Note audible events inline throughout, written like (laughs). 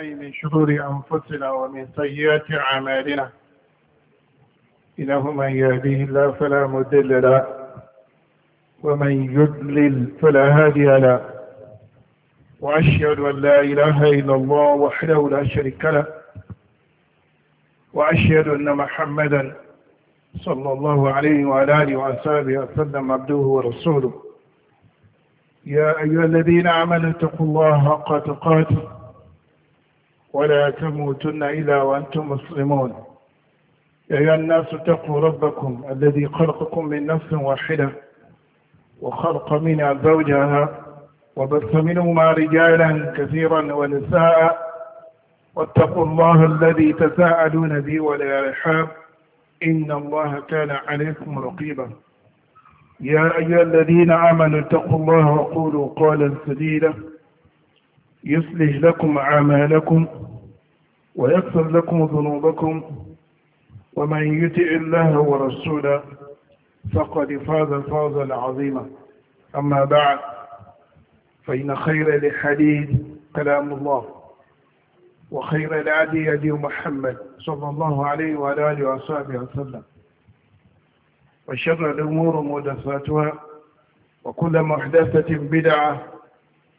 بالله من شرور أنفسنا ومن سيئات أعمالنا إنه من يهديه الله فلا مضل له ومن يدلل فلا هادي له وأشهد أن لا إله إلا الله وحده لا شريك له وأشهد أن محمدا صلى الله عليه وعلى آله وأصحابه وسلم عبده ورسوله يا أيها الذين آمنوا اتقوا الله حق تقاته ولا تموتن إلا وأنتم مسلمون يا أيها الناس اتقوا ربكم الذي خلقكم من نفس واحدة وخلق منها زوجها وبث منهما رجالا كثيرا ونساء واتقوا الله الذي تساءلون به والارحام إن الله كان عليكم رقيبا يا أيها الذين آمنوا اتقوا الله وقولوا قولا سديدا يصلح لكم أعمالكم ويغفر لكم ذنوبكم ومن يطع الله ورسوله فقد فاز فوزا عظيما أما بعد فإن خير الحديث كلام الله وخير العدي هدي محمد صلى الله عليه وعلى آله وصحبه وسلم وشر الأمور محدثاتها وكل محدثة بدعة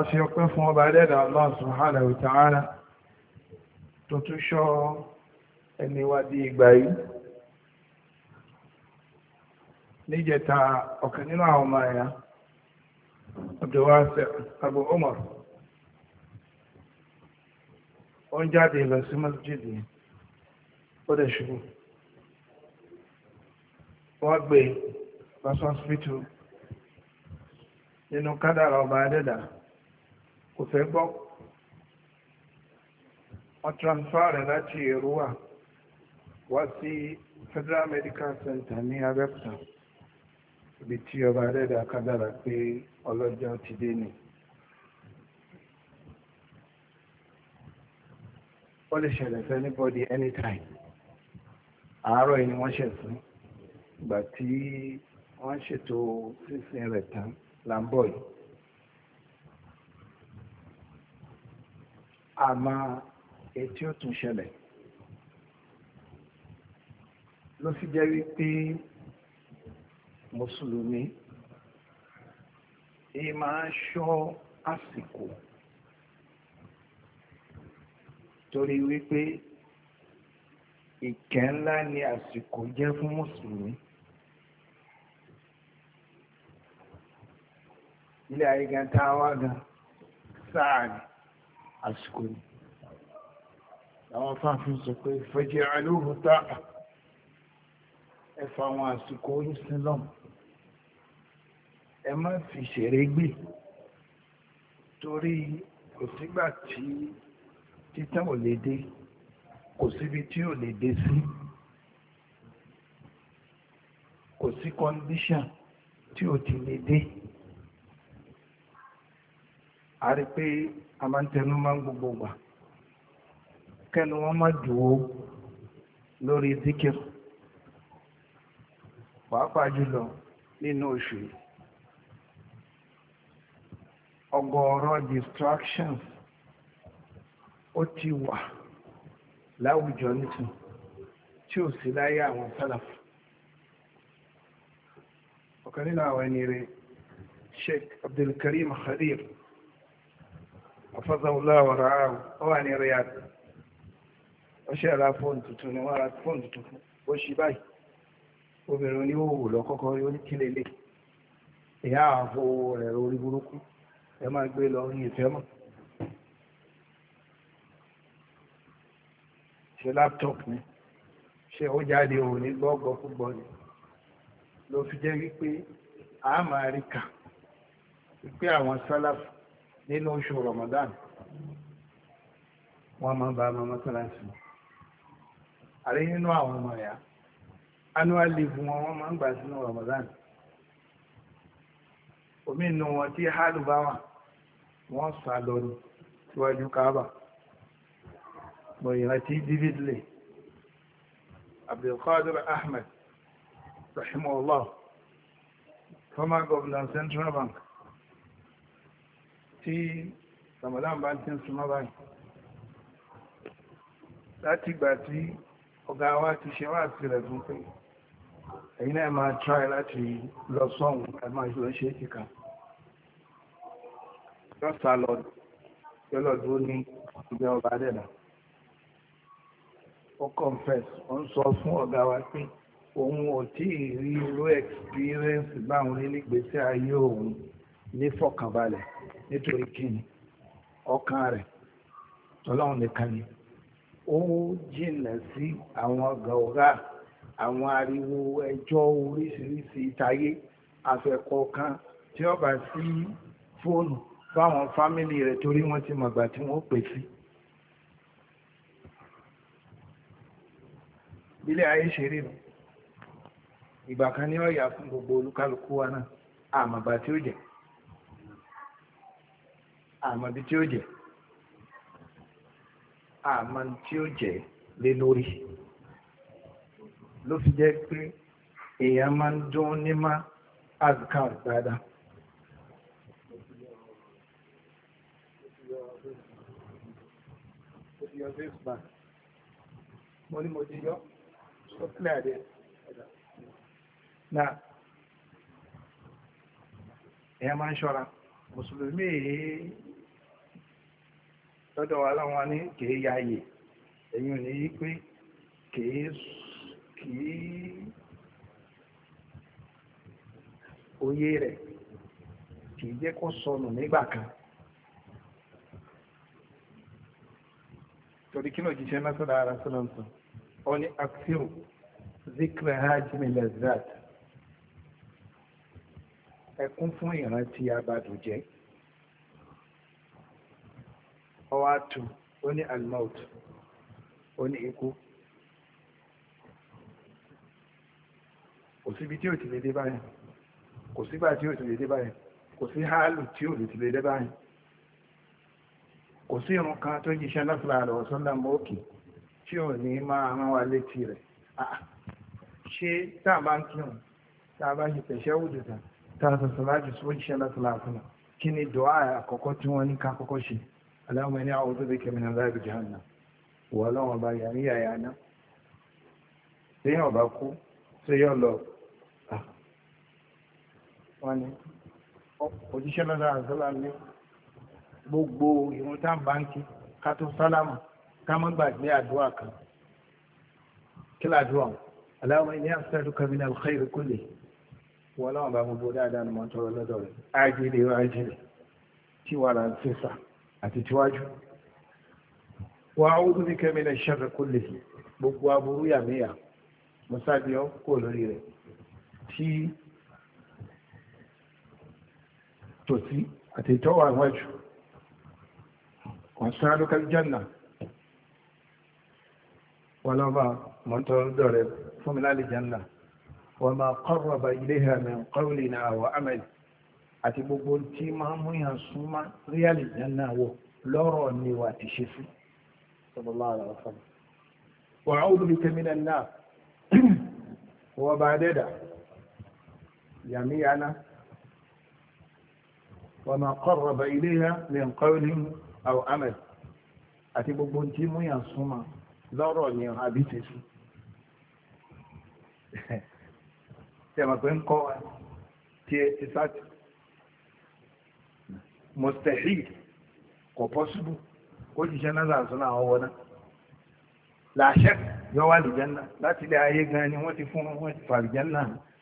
aṣe ọpẹ́ fún ọba ẹlẹ́dà Allah subhanahu wa ta'ala tó tún ṣọ́ ẹni di ìgbà yìí níjẹta ọ̀kan nínú àwọn ọmọ ẹ̀yà abu umar ó ń jáde lọ sí masjid ó dẹ̀ ṣubú wọ́n gbé lọ nínú kádàrà ọba ẹlẹ́dà. kò fẹ́ gbọ́ wọ́n transfer rẹ̀ láti Èrúwà wá sí Federal Medical Center ní Abẹ́òkúta ibi tí ọba rẹ̀dà kádàrà pé ọlọ́jọ́ ti dé ni. ó lè ṣẹlẹ̀ sí anybody anytime àárọ̀ yìí ni wọ́n ṣẹ̀ fún ìgbà tí wọ́n ṣètò sísìn rẹ̀ tán làǹbọ̀ yìí. àmà ètí ó tún ṣẹlẹ̀ ló fi jẹ́ wípé mùsùlùmí èyí máa ń ṣọ́ àsìkò torí wípé ìkẹ́ ńlá ni àsìkò jẹ́ fún mùsùlùmí ilé ayé gan tá a wá gan sáà ni àsìkò ni àwọn fáfin sọ pé fẹjẹ alóhùn tá ẹ fa àwọn àsìkò yín sí lọ́mù ẹ má fi ṣeré gbé torí kò sígbà tí títàn ò lè dé kò síbi tí ò lè dé sí kò sí kọ́ndíṣàn tí ò ti lè dé a rí pé a máa ń tẹnu máa ń gbogbo gbà kẹnu wọn má dùn ó lórí zikir pàápàá jùlọ nínú oṣù yìí distractions ó ti wà láwùjọ nìtún tí ò sí láyé àwọn sálàfù ọ̀kan nínú àwọn ẹni rẹ̀ Sheikh Abdulkarim Khadir afọ́sọ́wọ́lá ọ̀rọ̀ ààrùn ó wà ní Riyadh ó ṣe ra fóònù tuntun ni wọ́n ra fóònù tuntun ó ṣì báyìí obìnrin oníhòòhò lọ́kọ́kọ́ rí oníkílélẹ̀ ìyá àfo rẹ̀ orí burúkú ẹ máa gbé lọ ní ìfẹ́ mọ̀ ṣe laptop ni ṣe ó jáde òun ní gbọ́gbọ́ ni ló fi jẹ́ wípé a máa rí kà wípé àwọn sálàfù nínú oṣù Ramadan wọ́n máa bá ọmọ mọ́sálásí àrí nínú àwọn ọmọ ẹ̀yà annual leave wọn wọ́n máa ń gbà Ramadan omi inú wọn tí hálù bá wà wọ́n sá lọ síwájú káàbà david lee abdulkadir ahmed rahimahullah former governor central bank tí Ramadan bá ti ń súnmọ́ báyìí láti ìgbà tí ọ̀gá wa ti ṣe wá sí rẹ̀ fún pé ẹ̀yin náà máa try láti lọ sọ́hun ẹ máa ṣe é kíkà lọ́sà lọ́dún ní ìgbẹ́ ọba dẹ̀dà ó confess ó ń sọ fún ọ̀gá wa pé òun ò tí ì rí irú experience báwọn nílé ìgbésí ayé òun ní fọkànbalẹ̀ nítorí kíni ọkàn rẹ̀ tọ́lọ́run nìkan ni ó jìnà sí àwọn ọgà gàúgà àwọn ariwo ẹjọ́ oríṣiríṣi ìtayé àfẹ́kọ̀ọ̀kan tí ó bá sí fóònù fáwọn fámìlì rẹ̀ torí wọ́n ti mọ̀gbà tí wọ́n pè sí. ilé ayé ṣe rí nu ìgbà kan ní ọ̀yà fún gbogbo olúkálùkù wa náà àmọ̀gbà tí ó jẹ́. àmọ́ bí tí ó jẹ́ àmọ́ tí ó jẹ́ lé lórí ló fi jẹ́ pé èèyàn máa ń dún ní má azkar dáadáa. na èèyàn máa ń ṣọ́ra mùsùlùmí lọ́dọ̀ wa láwọn ní kìí yáyè eyi ní yí pé kìí oyé rẹ̀ kìí jẹ́ kó sọnù nígbà torí kí náà jíṣẹ́ náà ara sọ́dọ̀ ọ ní axiom zikra hajjimi lezat ẹkún fún ìrántí abadùn jẹ́ ọwọ́ àtù ó ní almout ó ní ikú kò síbi tí ò ti lè dé báyìí kò sígbà tí ò ti lè dé báyìí kò sí hálù tí ò ti lè dé báyìí kò sí irun kan tó jíṣẹ́ lọ́sọ̀lá rẹ̀ ọ̀sọ́lá mọ́ọ̀kì tí ò ní máa rán wa létí rẹ̀ ah, ṣé tá bá ń kírun tá bá ṣe tẹ̀ṣẹ́ òdòdó tá a sọ̀sọ̀ láti sọ́jíṣẹ́ lọ́sọ̀lá àtúnà ni dùá àkọ́kọ́ tí wọ́n ní ká kọ́kọ́ ṣe اللهم إني أعوذ بك من عذاب جهنم وألوم بها يعني يا أنا ليه أباكو سيئ الله wọ́n ní òjíṣẹ́ lọ́dọ̀ àzọ́là ní gbogbo ìwọ̀n tá báńkì ká tó sálámù ká má gbàgbé àdúrà kan kí làdúrà Allahumma inni as'aluka min al-khayri kulli wọ́n láwọn bá gbogbo dáadáa ni mo tọrọ lọ́dọ̀ rẹ̀ ájílẹ̀ ájílẹ̀ tí wàrà ń fẹ́ àti tíwájú wà áwùdú bí kẹ́mínà ṣẹ́fẹ̀ kó lè fi gbogbo aburú yàmíyà mọ́sáàdìọ́ kò lórí rẹ̀ tí tòsí àti ìtọ́wà wájú wọ́n sáré lókàlì jẹ́nà wọ́n lọ́ba mọ́tọ́rọ́dọ̀ rẹ̀ fún mi lálẹ́ jẹ́nà wọ́n máa qarraba ilayha min qawlin aw amal àti gbogbo tí máa mú yàn súnmọ́ rí àlìjánnà wọ̀ lọ́rọ̀ ni wà ti ṣe sí sallallahu alaihi wasallam wa a'udhu bika minan nar wọ́n bá dẹ́dà yàmíyàná wa ma qarraba ilayha min qawlin aw amal àti gbogbo tí mú yàn súnmọ́ lọ́rọ̀ ni àbí ti sí tẹ̀mọ̀ pé ń kọ́ wa tí ẹ ti sáà mustahil kò possible kó jíṣẹ́ náà sàásùn àwọn wọná làṣẹ yọ wà lìjánná láti ilé ayé gan ni wọ́n ti fún wọn fà lìjánná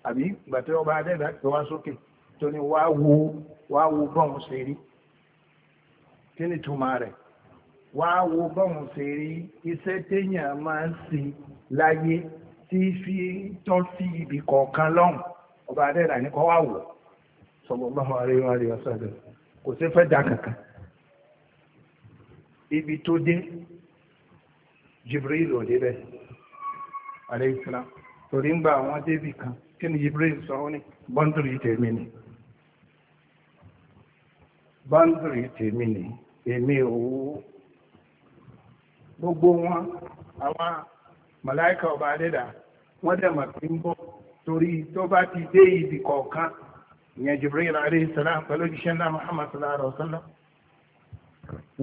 àbí ìgbà tó ọba adẹ́gbà tó wá sókè tó ní wá wo wá wo bọ́ọ̀n ṣe rí kí ni túmọ̀ rẹ̀ wá wo bọ́ọ̀n ṣe rí iṣẹ́ téèyàn máa ń ṣe láyé tí fi tọ́ sí ibì kọ̀ọ̀kan lọ́hùn ọba adẹ́gbà ní kọ́ wá wò sallallahu alaihi wa sallam kò sí fẹ́ dà kankan ibi tó dé Jibril ò débẹ̀ aleyhisselam torí ń gba àwọn débì kan kí ni Jibril sọ ó ní bọ́ńdùrì tèmi ni bọ́ńdùrì tèmi ni èmi ò gbogbo wọn àwọn màláìka ọba adẹ́dà wọ́n dẹ̀ mà fi ń torí tó bá ti dé ibì kọ̀ọ̀kan ìyẹn Jibril alayhi salam pẹ̀lú ìṣẹ́ náà Muhammad sallallahu alaihi wasallam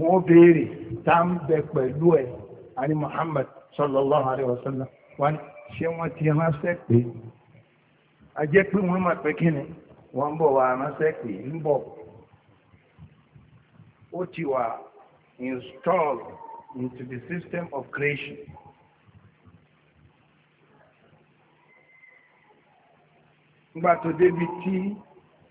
wọ́n béèrè tá pẹ̀lú ẹ̀ àní Muhammad sallallahu installed into the system of creation. nígbà tó débi tí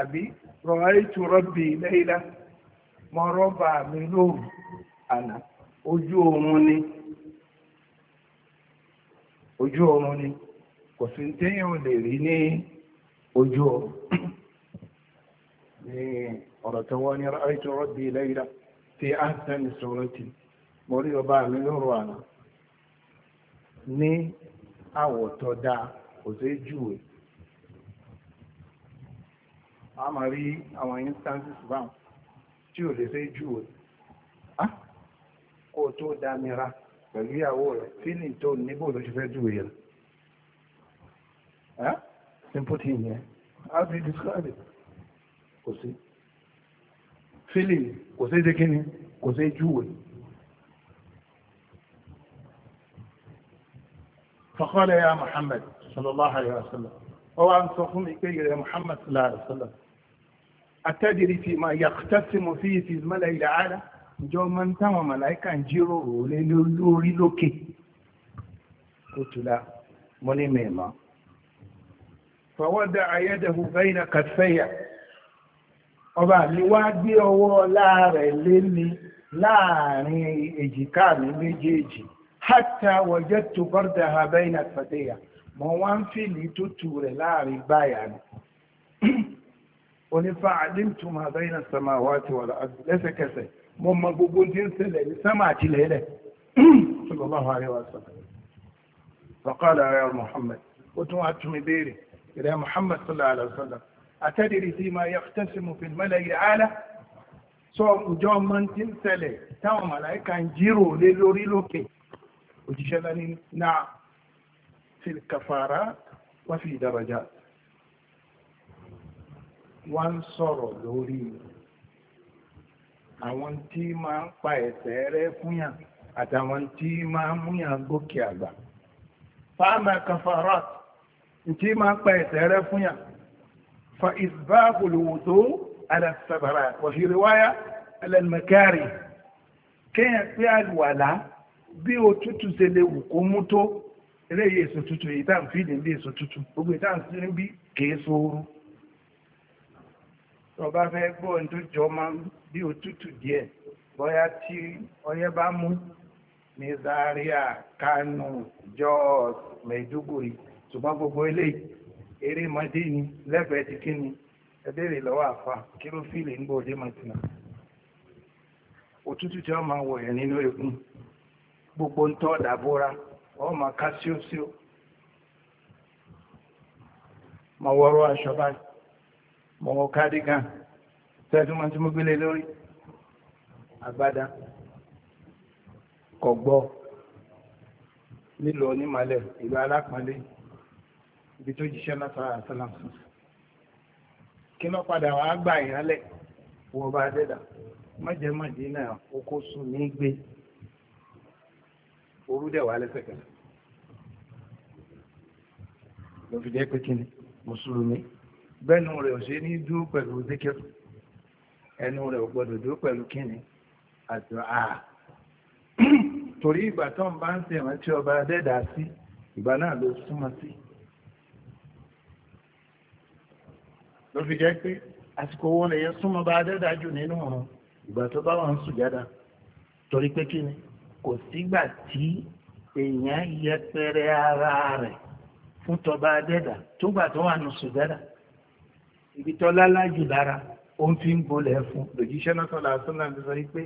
àbí rọ̀háìtù rọ́bì lẹ́yìnlá mọ rọ́bà mi lóòrùn ojú oorun ni kò sí téèyàn ò lè rí ní ojú oorun ní ọ̀rọ̀ tó a ń sẹ́ni sọ̀rọ̀ ọba mi lóòrùn ní àwọ̀ tó a máa rí àwọn instances báwọn tí ò lè fẹ́ jù ọ́ kó o tó dámira pẹ̀lú ìyàwó rẹ̀ feeling tó níbò ló ṣe fẹ́ jù yẹn simple thing yẹn how do you describe it kò sí feeling kò sí ṣe kíni kò sí jù wẹ̀. فقال يا محمد صلى الله عليه وسلم هو أن تقوم يا محمد صلى الله عليه وسلم atẹ́dìrí fi máa yàtọ́símọ̀ sí ìfì mọ́lẹ̀ ilẹ̀ ara ìjọ ọmọ táwọn màláìkà ń jíròrò lé lórí lókè ó tula mọ́ ní mẹ́ẹ̀mọ́ fọwọ́dà ayẹ́dẹ̀hù bẹ́yìnà kàtfẹ́yà ọba mi wá gbé ọwọ́ láàrẹ̀ lé mi láàrin èjìká mi méjèèjì hátà wọ̀jẹ́ tó bọ́dà ha bẹ́yìnà kàtfẹ́yà mọ́ wá ń fìlì tútù rẹ̀ láàrin báyà ni. onífà àdíntùm àbẹ́yìn àsàmáwá ti wà lẹ́sẹ̀kẹsẹ̀ mo mọ gbogbo tí ń ṣẹlẹ̀ ní sámà àti lẹ́lẹ̀ sallallahu alaihi wa sallam faqala ya Muhammad ó tún wá tún mi béèrè ìrẹ́ Muhammad sallallahu alaihi wa sallam àtẹ́dìrì sí máa yaqtasimu fil mala'i al-a'la sọ ǹjọ́ ọmọ tí ń ṣẹlẹ̀ táwọn màláìka ń jírò lé lórí lókè òjíṣẹ́ lẹ́ni náà fil kafarat wa fi darajat wọ́n ń sọ̀rọ̀ lórí àwọn tí máa ń pa ẹ̀sẹ̀ rẹ fúnyàn àtàwọn tí máa ń múyàn gòkè àgbà fáàmà kafarat tí máa ń pa ẹ̀sẹ̀ rẹ fa isbahul wudu ala wa kéèyàn pé àlùwàlá bí òtútù ṣe lè wù kó mú tó eléyìí èso tútù èyí tá à ń fi ìdílé èso tútù gbogbo èyí tá à ń tó bá fẹ́ gbọ́ ohun tó jọ máa bí òtútù díẹ̀ bóyá tí ọyẹ́ bá mú ní Zaria kanu, Jos Maiduguri ṣùgbọ́n gbogbo eléyìí eré mọ́dé ni lẹ́fẹ̀ẹ́ ti kí ẹbẹ̀rẹ̀ lọ́wọ́ àfa kí ń gbòde òtútù tí wọ́n máa wọ̀ yẹn nínú egun gbogbo ń tọ́ wọ́n máa ká aṣọ báyìí mọ́ cardigan tẹ́tí mọ́ tí mo gbélé lórí agbádá kọ̀gbọ́ nílò onímọ̀lẹ̀ ìlú alápọ̀nlé ibi tó jíṣẹ́ látara àtàlàmù kí ló padà wà á gbà ìyálẹ̀ wọ́n bá dẹ́dà mọ́jẹ́ mọ́jẹ́ náà oko sùn ní gbé orú dẹ̀ wà lẹ́sẹ̀kẹsẹ̀ lọ́fíjẹ́ pé kí ni mùsùlùmí bẹ́nu rẹ̀ ò ṣe ní dúró pẹ̀lú zikiru ẹnu rẹ̀ ò gbọ́dọ̀ dúró pẹ̀lú kíni àti àà (clears throat) torí ìgbà tó ń bá ń ṣe ìrántí ọba dẹ́dà sí ìgbà náà ló súnmọ́ sí ló fi jẹ́ pé àsìkò owó lè yẹ súnmọ́ bá dẹ́dà jù nínú ọ̀run ìgbà tó bá wà sùn jáda torí pé kíni kò sígbà tí èèyàn yẹpẹrẹ ara rẹ̀ fún tọba dẹ́dà tó gbà tó wà ń sùn jáda ibi tó lálá jù lára ó ń fi ń bolẹ̀ fún lòjíṣẹ́ náà sọ̀rọ̀ àtúnlá ti sọ pé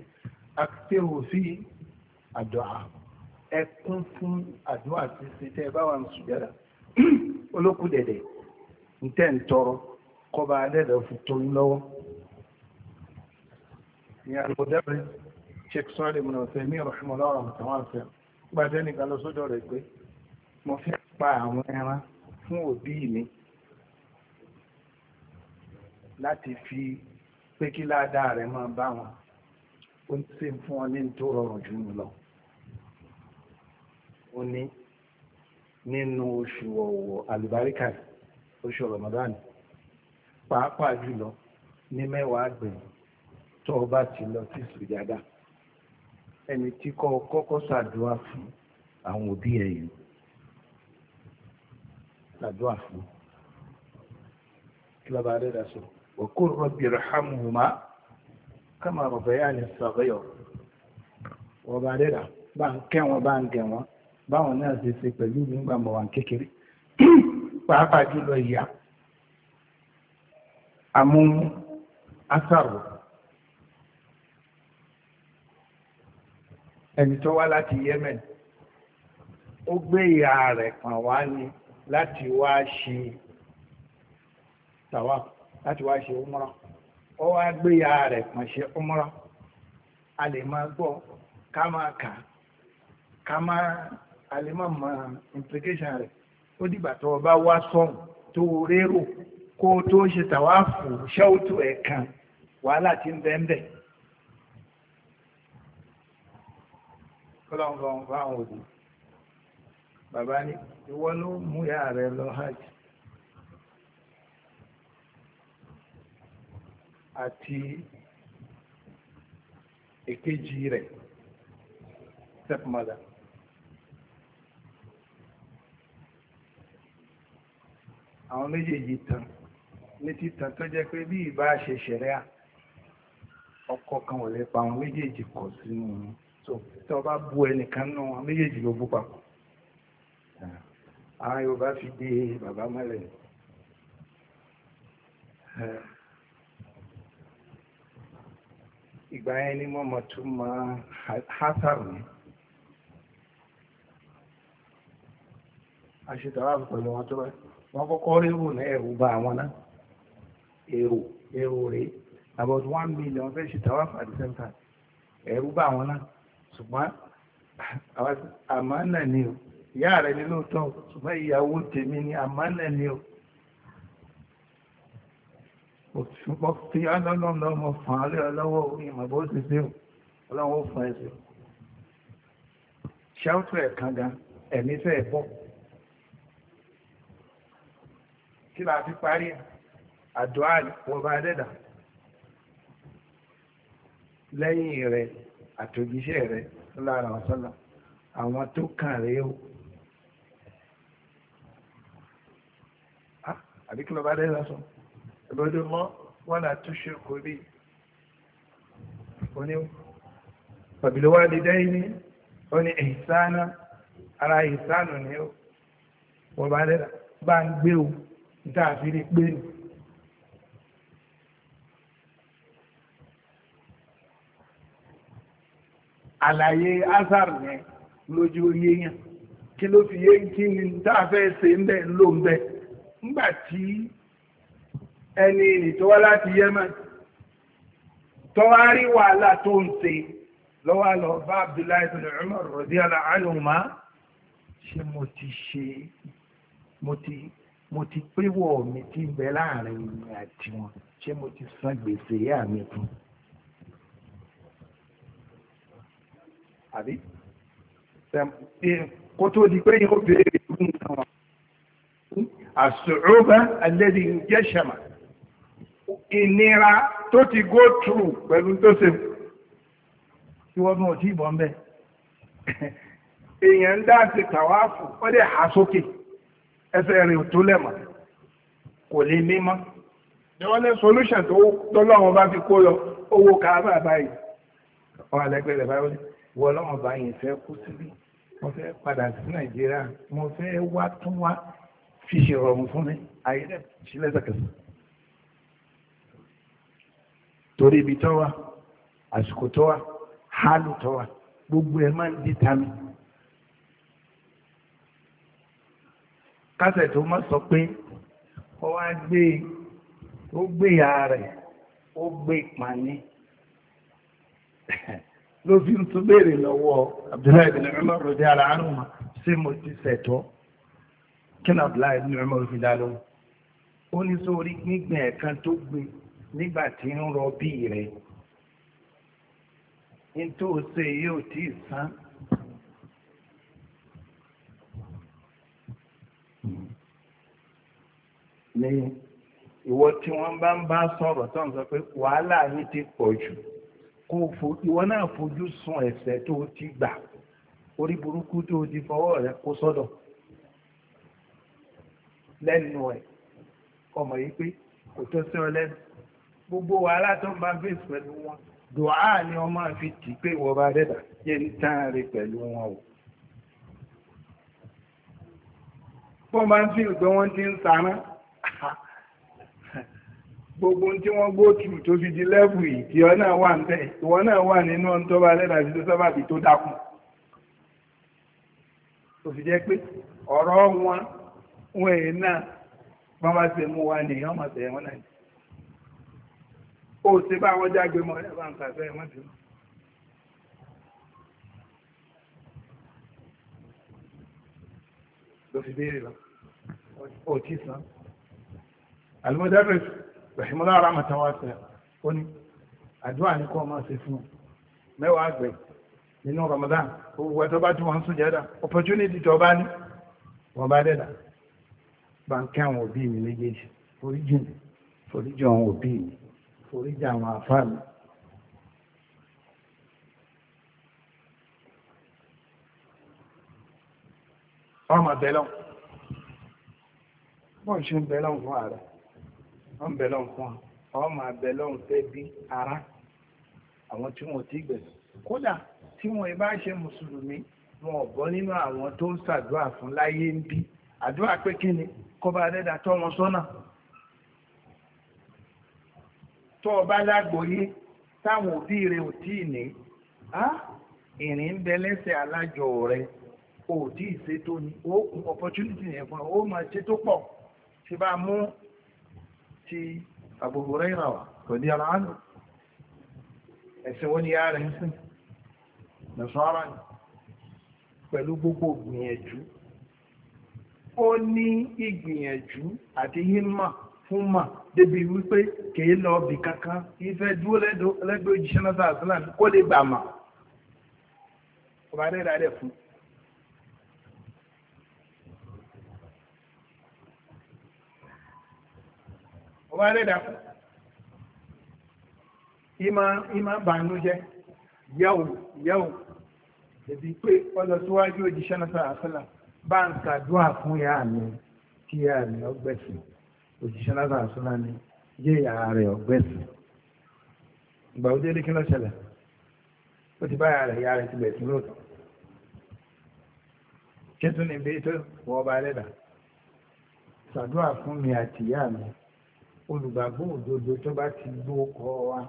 àti òfin àdúà ẹ kún fún àdúà àti ṣètẹ́ ẹ bá wà ní sùjádà (clears throat) olókù dẹ̀dẹ̀ ń tẹ̀ ń tọrọ kọba adẹ́dẹ̀ fún torí lọ́wọ́ ní alùpùdẹ́rẹ́ sheikh sọ́ọ̀lì mọ̀nà ọ̀sẹ̀ mí rahimahullah àtàwọn àṣẹ gbàdẹ́nìkan lọ sódò rẹ̀ pé mo fẹ́ pa àwọn ẹran fún òbí mi láti fi pé kí ládàá rẹ̀ máa bá wọn ó ń ṣe fún ọ ní tó rọrùn jù lọ ó ní nínú oṣù ọ̀wọ̀ àlùbáríkà oṣù Ramadan pàápàá jùlọ ní mẹ́wàá gbẹ̀yìn tó o bá ti lọ sí sùjádà ẹni tí kọ́ kọ́kọ́ ṣàdúrà fún àwọn òbí ẹ̀ yìí ṣàdúrà fún kí lọ́ba adẹ́dà sọ̀rọ̀. وقل رب ارحمهما كما ربياني صغير وبعدين bá ń kẹ́ wọn bá ń gẹ̀ wọn báwọn náà ṣe ṣe pẹ̀lú nígbà mọ̀ wà kékeré pàápàá jùlọ ìyá àmú asàrò ẹni tó wá láti Yemen ó gbé ìyá rẹ̀ kan wá ní láti wá ṣe tàwákù láti wá ṣe umra ó wá gbé ya rẹ̀ pọ̀n ṣe umra a lè máa gbọ́ ká máa kà ká máa a lè máa mọ implication rẹ̀ ó dìgbà tó o bá wá sọ́hùn tó o rérò kó o tó ṣe tàwáàfù ṣẹ́wùtù ẹ̀kan wàhálà ti ń bẹ́ẹ̀ bẹ́ẹ̀. fáwọn òbí bàbá ní ìwọ ló mú ìyá rẹ lọ hajj àti èkejì rẹ̀ stepmother. àwọn méjèèjì tán ní títan tó jẹ́ pé bí ìbá ṣe ṣẹ̀rẹ́ à ọkọ kan ò lè pa àwọn méjèèjì kọ̀ sínú wọn tó tó bá bú ẹnìkan náà àwọn méjèèjì ló bú papọ̀ àwọn Yorùbá fi dé bàbá mọ́lẹ̀ ìgbà yẹn ni mo mọ̀ tó máa hátàrù ni. àṣetàwà pẹ̀lú wọn tó bá wọn kọ́kọ́ rérò náà ẹ̀rù bá àwọn náà èrò èrò rèé about one million fẹ́ ṣetàwà at the same time ẹ̀rù bá àwọn náà ṣùgbọ́n àmọ́ náà ni ìyá rẹ̀ ni lóòótọ́ ṣùgbọ́n ìyàwó tèmi ni àmọ́ náà ni o òṣùpọ̀ tí á lọ́lọ́m lọ́mọ fàn alẹ́ ọlọ́wọ́ orí ìmọ̀bó ti sí ọlọ́wọ́ fàn ẹsẹ̀ ṣáútù ẹ̀kanga ẹ̀mí fẹ́ ẹ̀bọ́ kí la fi parí àdúrà wọba adẹ́dà lẹ́yìn rẹ̀ àtòjíṣẹ́ rẹ̀ lára ọ̀sánlá àwọn tó kàn rẹ̀ ó ah, àbíkí lọ́ba adẹ́dà sọ. So ìbọ́dọ̀ mọ́ wọ́n là tó ṣe kò rí oní pàbílówà dídá ní oní ìsáná ara ìsánù ni ó wọ́n bá dẹ́dà bá ń gbé o níta àfírí pé nù. àlàyé azar yẹn lójú yéèyàn kí ló fi yé kí ni tá a fẹ́ ṣe ń bẹ́ẹ̀ ń bẹ́ẹ̀ nígbà tí ẹni tó wá láti Yemen tó wá rí wàhálà tó ń ṣe lọ́wọ́ lọ bá Abdullahi ibn Umar radiyallahu anhuma ṣe mo ti ṣe mo ti mo ti péwọ̀ mi ti ń bẹ láàrin mi àti wọn ṣé mo ti san gbèsè ìyá mi fún àbí kó tó di pé yóò béèrè fún nǹkan wọn àṣùrù bá alẹ́ ní jẹ́ ṣàmà ìnira tó ti go through pẹ̀lú tó ṣe ìwọ́n mọ̀ tí ìbọn bẹ́ẹ̀ èèyàn ń dá sí tàwáàfù ó dẹ̀ há sókè ẹsẹ̀ rẹ̀ tó lẹ̀mọ̀ kò lè mímọ́ ni wọ́n ní solution tó lọ́wọ́ bá fi kó lọ owó kàábà báyìí wọ́n alẹ́gbẹ́ rẹ̀ báyìí wọ́n lọ́wọ́ báyìí fẹ́ kú síbí mo fẹ́ padà sí Nàìjíríà mo fẹ́ wá tún wá fi ṣèrọ̀rùn fún torí ibi tó wà àsìkò tó wà hálù tó wà gbogbo ẹ̀ máa ń di tami. kásẹ̀ tó má sọ pé ó wá gbé ó gbé ìyá rẹ̀ ó gbé ìpàní ló fi ń tún béèrè lọ́wọ́ Abdullahi bin Umar rodi ara aruma ṣé mo ti ṣẹ̀tọ́ kí ni Abdullahi bin Umar fi dá lóhùn ó ní sórí gbígbìn ẹ̀kan tó gbìn nígbà tí ń rọbí rẹ̀ tó ṣe yóò tí ì san. ní ìwọ tí wọ́n bá ń bá sọ̀rọ̀ tó ń sọ pé wàhálà yín ti pọ̀ jù kó ìwọ náà fojú sun ẹ̀ṣẹ̀ tó ti gbà orí burúkú tó ti fọwọ́ rẹ̀ kó sọ́dọ̀ lẹ́nu ẹ̀ ọmọ yìí pé kò tó sí ọ lẹ́nu gbogbo wàhálà tó ń bá fèsì pẹ̀lú wọn dùá ni ọmọ fi tì pé ìwọba dẹ́dà jẹ́ ń tán rí pẹ̀lú wọn o bọ́n bá ń fi ìgbẹ́ wọn ti ń sarán gbogbo tí wọ́n gbó tù tó fi di lẹ́bù yìí tí ọ náà wà ń bẹ̀ ìwọ náà wà nínú ọ̀n tó bá lẹ́dà fi tó sábàbí tó dákun tó fi jẹ́ pé ọ̀rọ̀ wọn wọn náà bọ́n bá ṣe mú wa nìyẹn ọmọ tẹ̀yẹ wọn náà ó ti bá wọn jágbe mọ́ ẹ̀ bá ń tàṣẹ ẹ̀ wọ́n ti mọ́. ló fi béèrè lọ ó ti sàn. alimọ̀dẹ́rẹ́sì rahimola aramata wa sẹ́ ó ní àdúrà ní kó máa ṣe fún un mẹ́wàá gbẹ̀ nínú Ramadan owó ẹ̀tọ́ bá tí wọ́n ń sùn jẹ́dà opportunity tó bá ní wọ́n bá dẹ́dà bá ń kẹ́ àwọn òbí mi méjèèjì foríjì mi àwọn òbí mi foríjì àwọn àfáàmì ọmọ bẹ̀lọ́n bọ́n ṣe ń bẹ̀lọ́n fún ààrẹ wọ́n bẹ̀lọ́n fún ọmọ bẹ̀lọ́n fẹ́ bí ara àwọn tí wọ́n ti gbẹ̀ kódà tí wọ́n bá ṣe mùsùlùmí wọn ò bọ́ nínú àwọn tó ń ṣàdúrà fún láyé ń bí àdúrà pé kí ni kọba adẹ́dà tọ́ wọn sọ́nà tó ọba lágbóyé táwọn òbí rẹ̀ ò tí ì ní ìrìn ń bẹ lẹ́sẹ̀ alájọ rẹ̀ ò tí ì ṣètò ní òkun opportunity yẹn fún ọ máa ṣètò pọ̀ tí bá mú ti Abu Hurairah wà pẹ̀lú ara ánù ẹ̀sìn wọn ni yá rẹ̀ ń sìn nàṣọ́ra ni pẹ̀lú gbogbo ìgbìyànjú ó ní ìgbìyànjú àti hímà fún mà débi wípé kèé lọ bì kankan ìfẹ́ dúró lẹ́gbẹ̀ẹ́ òjíṣẹ́ náà sàásìlà kó lè gbà mà ọba rẹ̀ rẹ̀ fún. ọba rẹ̀ dà fún. ìmọ̀ ìmọ̀ bànújẹ́ yẹ̀wò yẹ̀wò ẹ̀bí pé ọlọ síwájú òjíṣẹ́ náà sàásìlà bá ń ṣàdúrà fún yàrá mi kí yàrá mi ọgbẹ́sìn òjíṣẹ́ lábàá àṣọlá ni yé ìyá rẹ̀ ọ̀gbẹ́sì ìgbà ó délé kí ló ṣẹlẹ̀ ó ti báyà rẹ̀ ìyá rẹ̀ ti bẹ̀ sí lóòótọ́ kí tún ní bí tó wọ ọba ẹlẹ́dà ṣàdúrà fún mi àti ìyá mi olùgbàgbọ́ òdodo tó bá ti gbọ́ kọ́ wa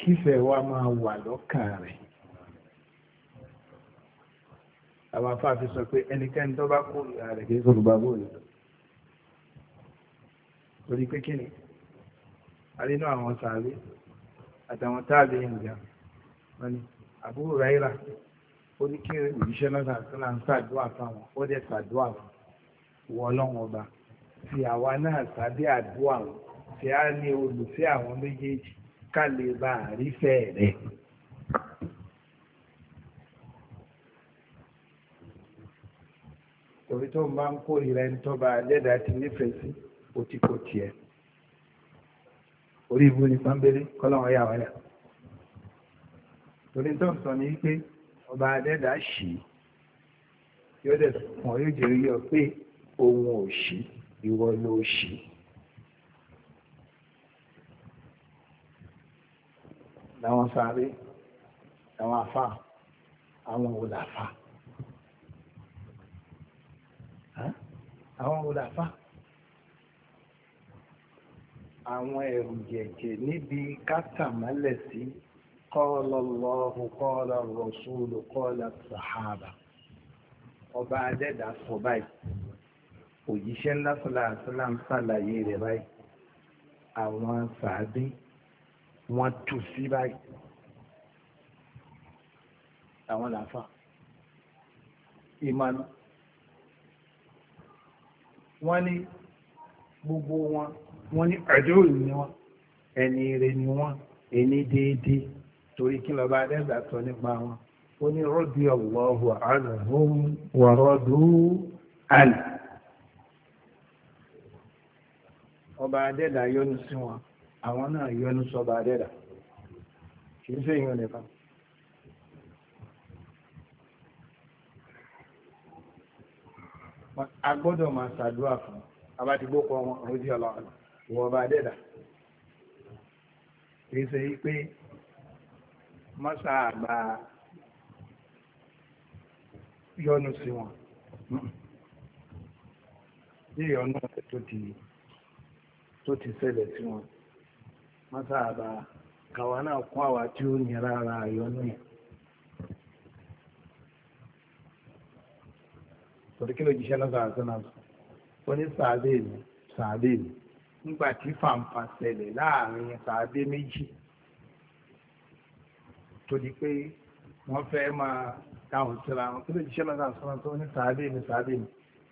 kífẹ̀ wa máa wà lọ́kàn rẹ̀ àwọn afá fi sọ pé ẹnikẹ́ni tó bá kó ìyá rẹ̀ kìí sọ gbogbo àgbò yìí torí pé kí ni arínú àwọn sàárè àtàwọn táàbí ìyá wọn ni àbúrò ráírà ó ní kí òjíṣẹ́ náà sàkánná ń ṣàdúrà fáwọn ó dẹ̀ ṣàdúrà wọ ọlọ́run ọba fi àwa náà sábẹ́ àdúrà fi á ní olùfẹ́ àwọn méjèèjì ká lè bá àrífẹ́ rẹ̀. torí tó ń bá ń kó ìrẹ́ ń tọ́ba àjẹ́dá ti nífẹ̀ẹ́ sí òtíkòtì ẹ̀ orí ibu ní pọ́nbélé kọ́lọ́wọ́ yà wáyà torí tó ń sọ ní pé ọba àjẹ́dá ṣì yóò dẹ̀ wọ́n yóò jẹ́ yọ pé òun ò ṣì ìwọ ló ṣì. làwọn sáré làwọn àfa àwọn òlàfà. àwọn olàfà àwọn ẹ̀rù jẹ̀jẹ̀ níbi kátàmọ́lẹ̀ sí kọ́ọ̀lọ́lọ́hù kọ́ọ̀lọ́ rọ̀ṣúlù kọ́ọ̀lọ́ sàhábà ọba adẹ́dà sọ báyìí òjíṣẹ́ ńlá sọ́làṣọ́là ń sàlàyé rẹ̀ báyìí àwọn sàádé wọ́n tù sí báyìí àwọn làfà ìmọ̀nà wọ́n ní gbogbo wọn wọ́n ní àdúrò ni wọ́n ẹni rẹ̀ ni wọ́n ẹni déédé torí kí lọ́ba adẹ́gbà sọ nípa wọn ó ní rọ́bì Allahu anhum wa radu ọba adẹ́dà yọ́nú sí wọn àwọn náà yọ́nú sọ́ba adẹ́dà kì í sẹ́yìn ọ̀nẹ́fà a gbọ́dọ̀ máa ṣàdúrà fún abá ti wọn rojí ọlọ́run wọ́n bá dẹ́dà kìí ṣe yí pé àgbà yọnu sí wọn bí ìyọnu tó ti ṣẹlẹ̀ sí wọn àgbà náà kún tí ó nira ara yẹn. torí kí ló jíṣẹ́ lọ́sàn àti náà sọ ó ní sàádé ni sàádé ni nígbà tí fàǹfà ṣẹlẹ̀ láàrin sàádé méjì tó di pé wọ́n fẹ́ máa dáhùn síra wọn kí ló jíṣẹ́ lọ́sàn àti náà sọ ó ní sàádé ni sàádé ni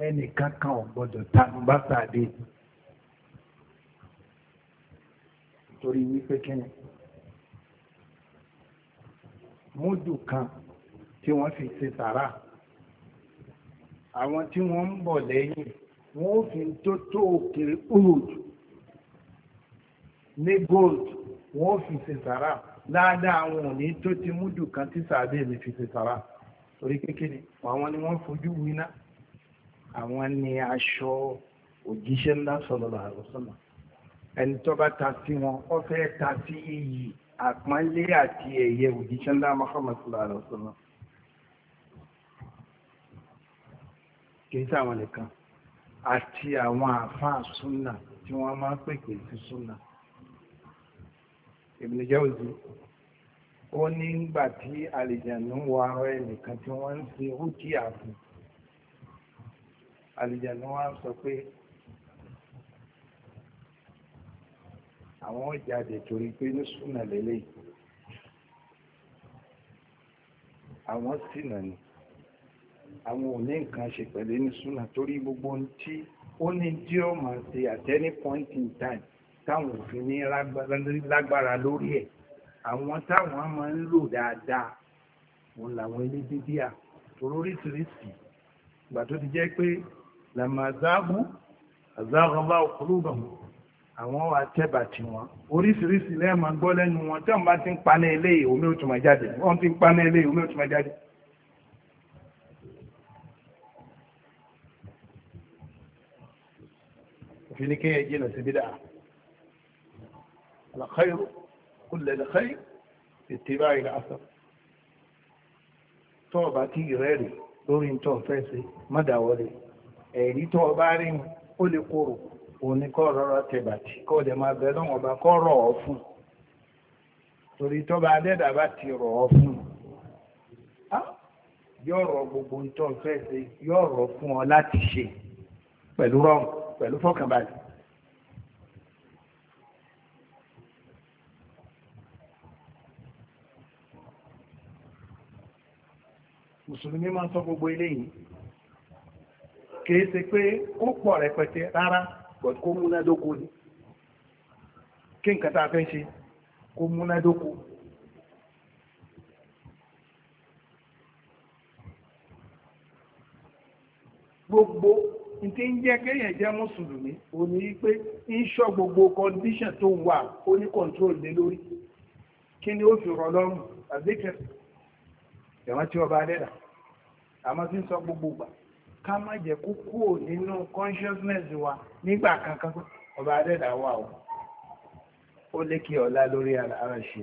ẹnì kankan ò gbọdọ̀ tanu bá sàádé ni. torí wípé kíni múdù kan tí wọ́n fi ṣe sàrà àwọn tí wọ́n ń bọ̀ lẹ́yìn wọ́n ó fi tó tó òkè old ní gold wọ́n ó fi ṣe sàrà dáadáa àwọn òní tó ti múdù kan tí sàbẹ̀ lè fi ṣe sàrà torí kékeré àwọn ni wọ́n fojú winá àwọn ni aṣọ òjíṣẹ́ ńlá sallallahu alaihi wasallam ẹni tó bá ta sí wọn ó fẹ́ ta sí iyì àpọ́nlé àti ẹ̀yẹ òjíṣẹ́ ńlá Muhammad sallallahu alaihi wasallam. kìí sáwọn nìkan àti àwọn àfáà súnà tí wọ́n máa pèpè sí súnà Ibn Jawzi ó ní ìgbà tí àlìjànú wọ ara ẹnìkan tí wọ́n ń ṣe rúkì ààbò àlìjànú wa sọ pé àwọn jáde torí pé ní súnà lélẹ́yìn àwọn sínà ni àwọn ò ní nǹkan ṣe pẹ̀lú ní súnà torí gbogbo tí ó ní tí ó ṣe at point in time táwọn òfin ní lágbára lórí ẹ̀ àwọn táwọn máa ń lò dáadáa òun làwọn ilé dídí à oríṣiríṣi ìgbà tó ti jẹ́ pé làmàzáàbù àzáàbà òkúrúbà àwọn wa tẹ́bà tí wọn oríṣiríṣi lẹ́ẹ̀mà gbọ́ lẹ́nu wọn tí wọ́n bá ti ń paná ilé ìwòmí òtùmọ̀ jáde wọ́n ti ń paná ilé ìwòmí òtùmọ̀ jáde fi ní kí ẹjẹ́ náà sí bídá alkhairu kullu alkhair ittiba' al-athar tó ọba tí ìrẹ́rì lórí tó fẹ́ sí mọ́dàwọlé ẹ̀rí tó ọba rí ó lè kóró òní kọ́ rọra tẹ̀bàtì kọ́ lè máa bẹ lọ́wọ́n ọba kọ́ rọ̀ ọ́ fún torí tọ́ba adẹ́dà bá ti rọ̀ ọ́ fún yọ̀ọ̀rọ̀ gbogbo tó fẹ́ sí fún ọ láti ṣe pẹ̀lú rọrùn pẹ̀lú fọkànbalẹ̀. mùsùlùmí máa sọ gbogbo eléyìí kìí ṣe pé ó pọ̀ rẹpẹtẹ rárá but kó múnádóko ni kí nǹkan tá a fẹ́ ṣe kó múnádóko. gbogbo nke ń jẹ́ kéèyàn jẹ́ mùsùlùmí o ní pé ń ṣọ́ gbogbo condition tó wà ó ní control lé lórí ni ó fi rọ lọ́rùn ọba adẹ́dà àmọ́ tí ń sọ gbogbo gbà ká má jẹ́ nínú consciousness wa nígbà kankan ọba adẹ́dà wà o ó ọ̀la lórí ara ṣe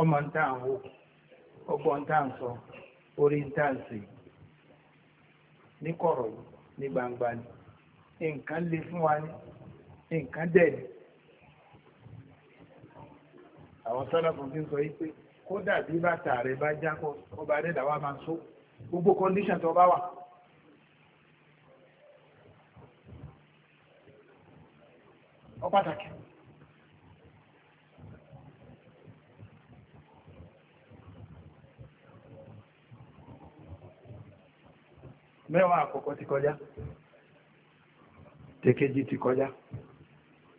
ọmọ ń tà ń ọgbọ́n ń tà ń sọ ní gbangba ni nǹkan le fún wa ní nǹkan dẹ̀ ni àwọn sọ́lọ́pù fi ń sọ yí pé kódà bí bàtà rẹ̀ bá jákọ́ ọba adẹ́dà wa máa so gbogbo kọ́ndíṣàn tó bá wà ọ pàtàkì mẹ́wàá àkọ́kọ́ ti kọjá tẹ́kẹ́jì ti kọjá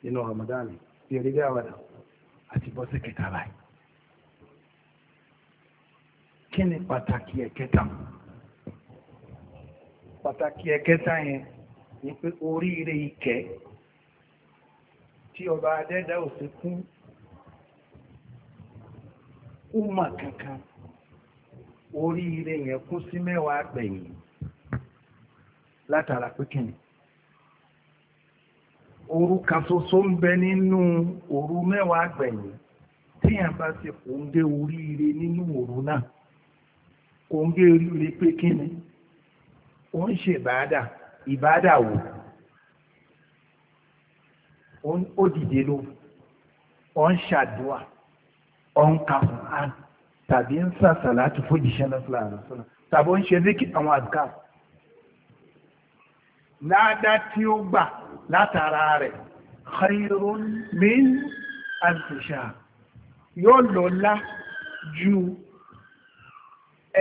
nínú Ramadan bí orílẹ̀ àwàdà àti bọ́sí kẹta báyìí kí ni pàtàkì ẹ̀kẹta pàtàkì ẹ̀kẹta yẹn ni pé oríire ìkẹ́ tí ọba adẹ́dá ò sí kún ọmọ kankan oríire yẹn kún sí mẹ́wàá gbẹ̀yìn látara pé kìnnì òru kan ṣoṣo ń bẹ nínú òru mẹ́wàá gbẹ̀yìn téèyàn bá ṣe kòńgé oríire nínú òru náà kòńgé oríire pé kìnnì ó ń ṣe ìbáadà ìbáadà wò ó dìde ló ó ń ṣàdúà ó ń ka fún án tàbí ń sàṣà láti fojìṣẹ́ náà fúlàní tàbí ó ń ṣe zikí àwọn àdúgbò ládá tí ó gbà látara rẹ̀ khairun min alfisha yóò lọ́lá ju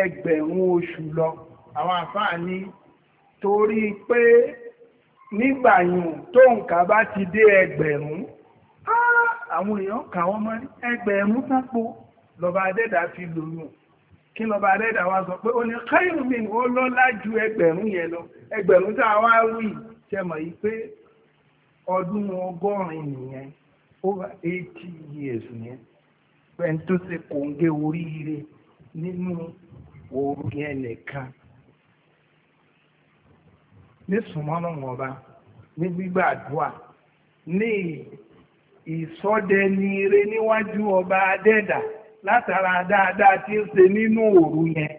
ẹgbẹ̀rún oṣù lọ àwọn àfáà ní torí pé nígbàyùn tó nǹkan bá ti dé ẹgbẹ̀rún àwọn èèyàn kà mọ́ ẹgbẹ̀rún púpọ̀ lọ́ba adẹ́dà fi lòyún kí lọ bá rẹ́dà wá sọ pé ó ní káyọ̀mìn ó lọ́lá ju ẹgbẹ̀rún yẹn lọ ẹgbẹ̀rún tá a wá wí ṣẹmọ̀ yìí pé ọdún ọgọ́rin nìyẹn over eighty years yẹn pẹ̀lú tó ṣe kòǹgé oríire nínú òru yẹn nìkan ní sùmọ́nà ọba ní gbígbàdúà ní ìsọdẹniire níwájú ọba adẹ́dà látara dáadáa tí ó ṣe nínú òru yẹn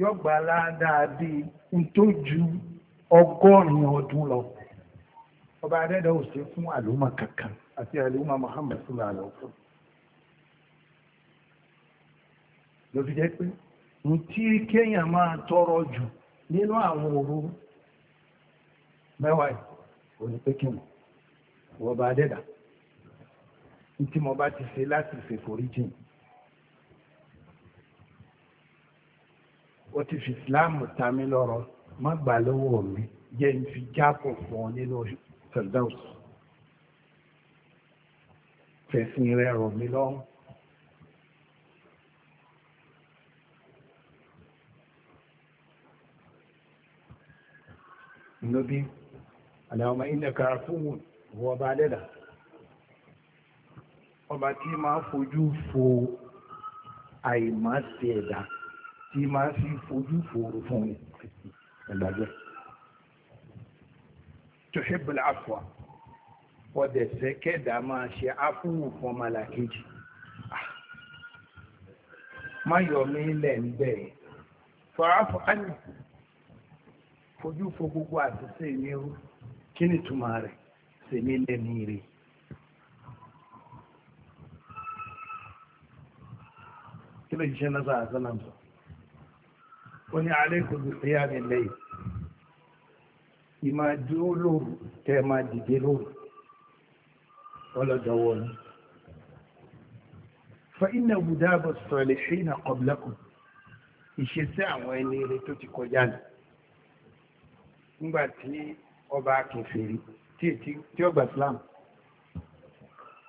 yóò gbà ládàá bíi ntójú ọgọ́rin ọdún lọ ọba adẹ́dàá ò ṣe fún àlùmọ̀ kankan àti àlùmọ̀ Muhammad sallallahu alaihi wasallam ló fi jẹ́ pé mo tí kéèyàn máa tọrọ jù nínú àwọn òru mẹ́wàá yìí ò ní pé kí wọ́n ọba adẹ́dàá tí mo bá ti ṣe láti ṣe foríjìn ó ti fi ìsìláàmù ta mí lọ́rọ̀ má gbà lọ́wọ́ mi jẹ́ n fi jápò fún ọ nínú Firdaus fẹ̀sìn rẹ̀ rọ̀ mí lọ́rùn. Nobi, Allahumma innaka afuwwun, huwa ba dada ọba tí máa fojú fo àìmọ́ sí ẹ̀dá tí máa fi fojú fòrò fún mi ẹ̀dàgbẹ́. tòṣìbìlà àfọ̀ ọ̀dẹ̀sẹ̀ kẹ́dà máa ṣe ápùwù fún ọmọlàkejì ah. máyọ̀mí ilẹ̀ ń bẹ̀ fọ́ráfọ́ ánì fojú fo gbogbo àtúnṣe mi rú kí ni túmọ̀ rẹ̀ sèmi lẹ́ni rèé. kí ló ṣiṣẹ́ lọ́sà àṣálàm sọ ó ní alaykum bi qiyamil layl ìmá dúró lóru tẹ́ máa dìde lóru ọlọ́dọ̀wọ́ ni fa inna daba salihina qablakum ìṣesẹ́ àwọn ẹni eré tó ti kọjá lọ nígbà tí ọba kèfèrí tí ó Islam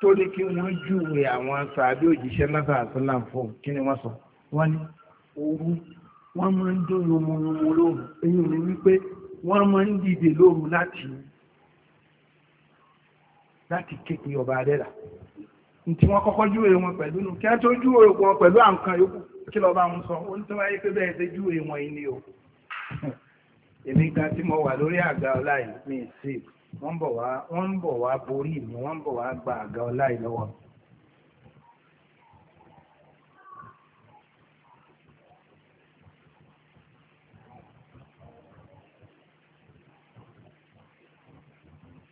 torí kí wọ́n júwe àwọn sàbí òjíṣẹ́ lásà àtúnlá fún kí ni wọ́n sọ wọ́n ní ooru wọ́n máa ń dún yomoyomo lóru èyí ni wípé wọ́n máa ń dìde lóru láti láti képe ọba adẹ́là tí wọ́n kọ́kọ́ júwe wọn pẹ̀lú nù kí á tó júwe wọn pẹ̀lú àǹkan yòókù kí lọ bá wọn sọ ó ní tí wọ́n yé pé bẹ́ẹ̀ ṣe júwe wọn yìí ni o (laughs) èmi kan tí mo wà lórí àga ọlá yìí mi ì sí wọ́n bọ̀ wá wọ́n bọ̀ wá borí mi wọ́n bọ̀ wá gba àga ọlá ìlọ́wọ́ mi.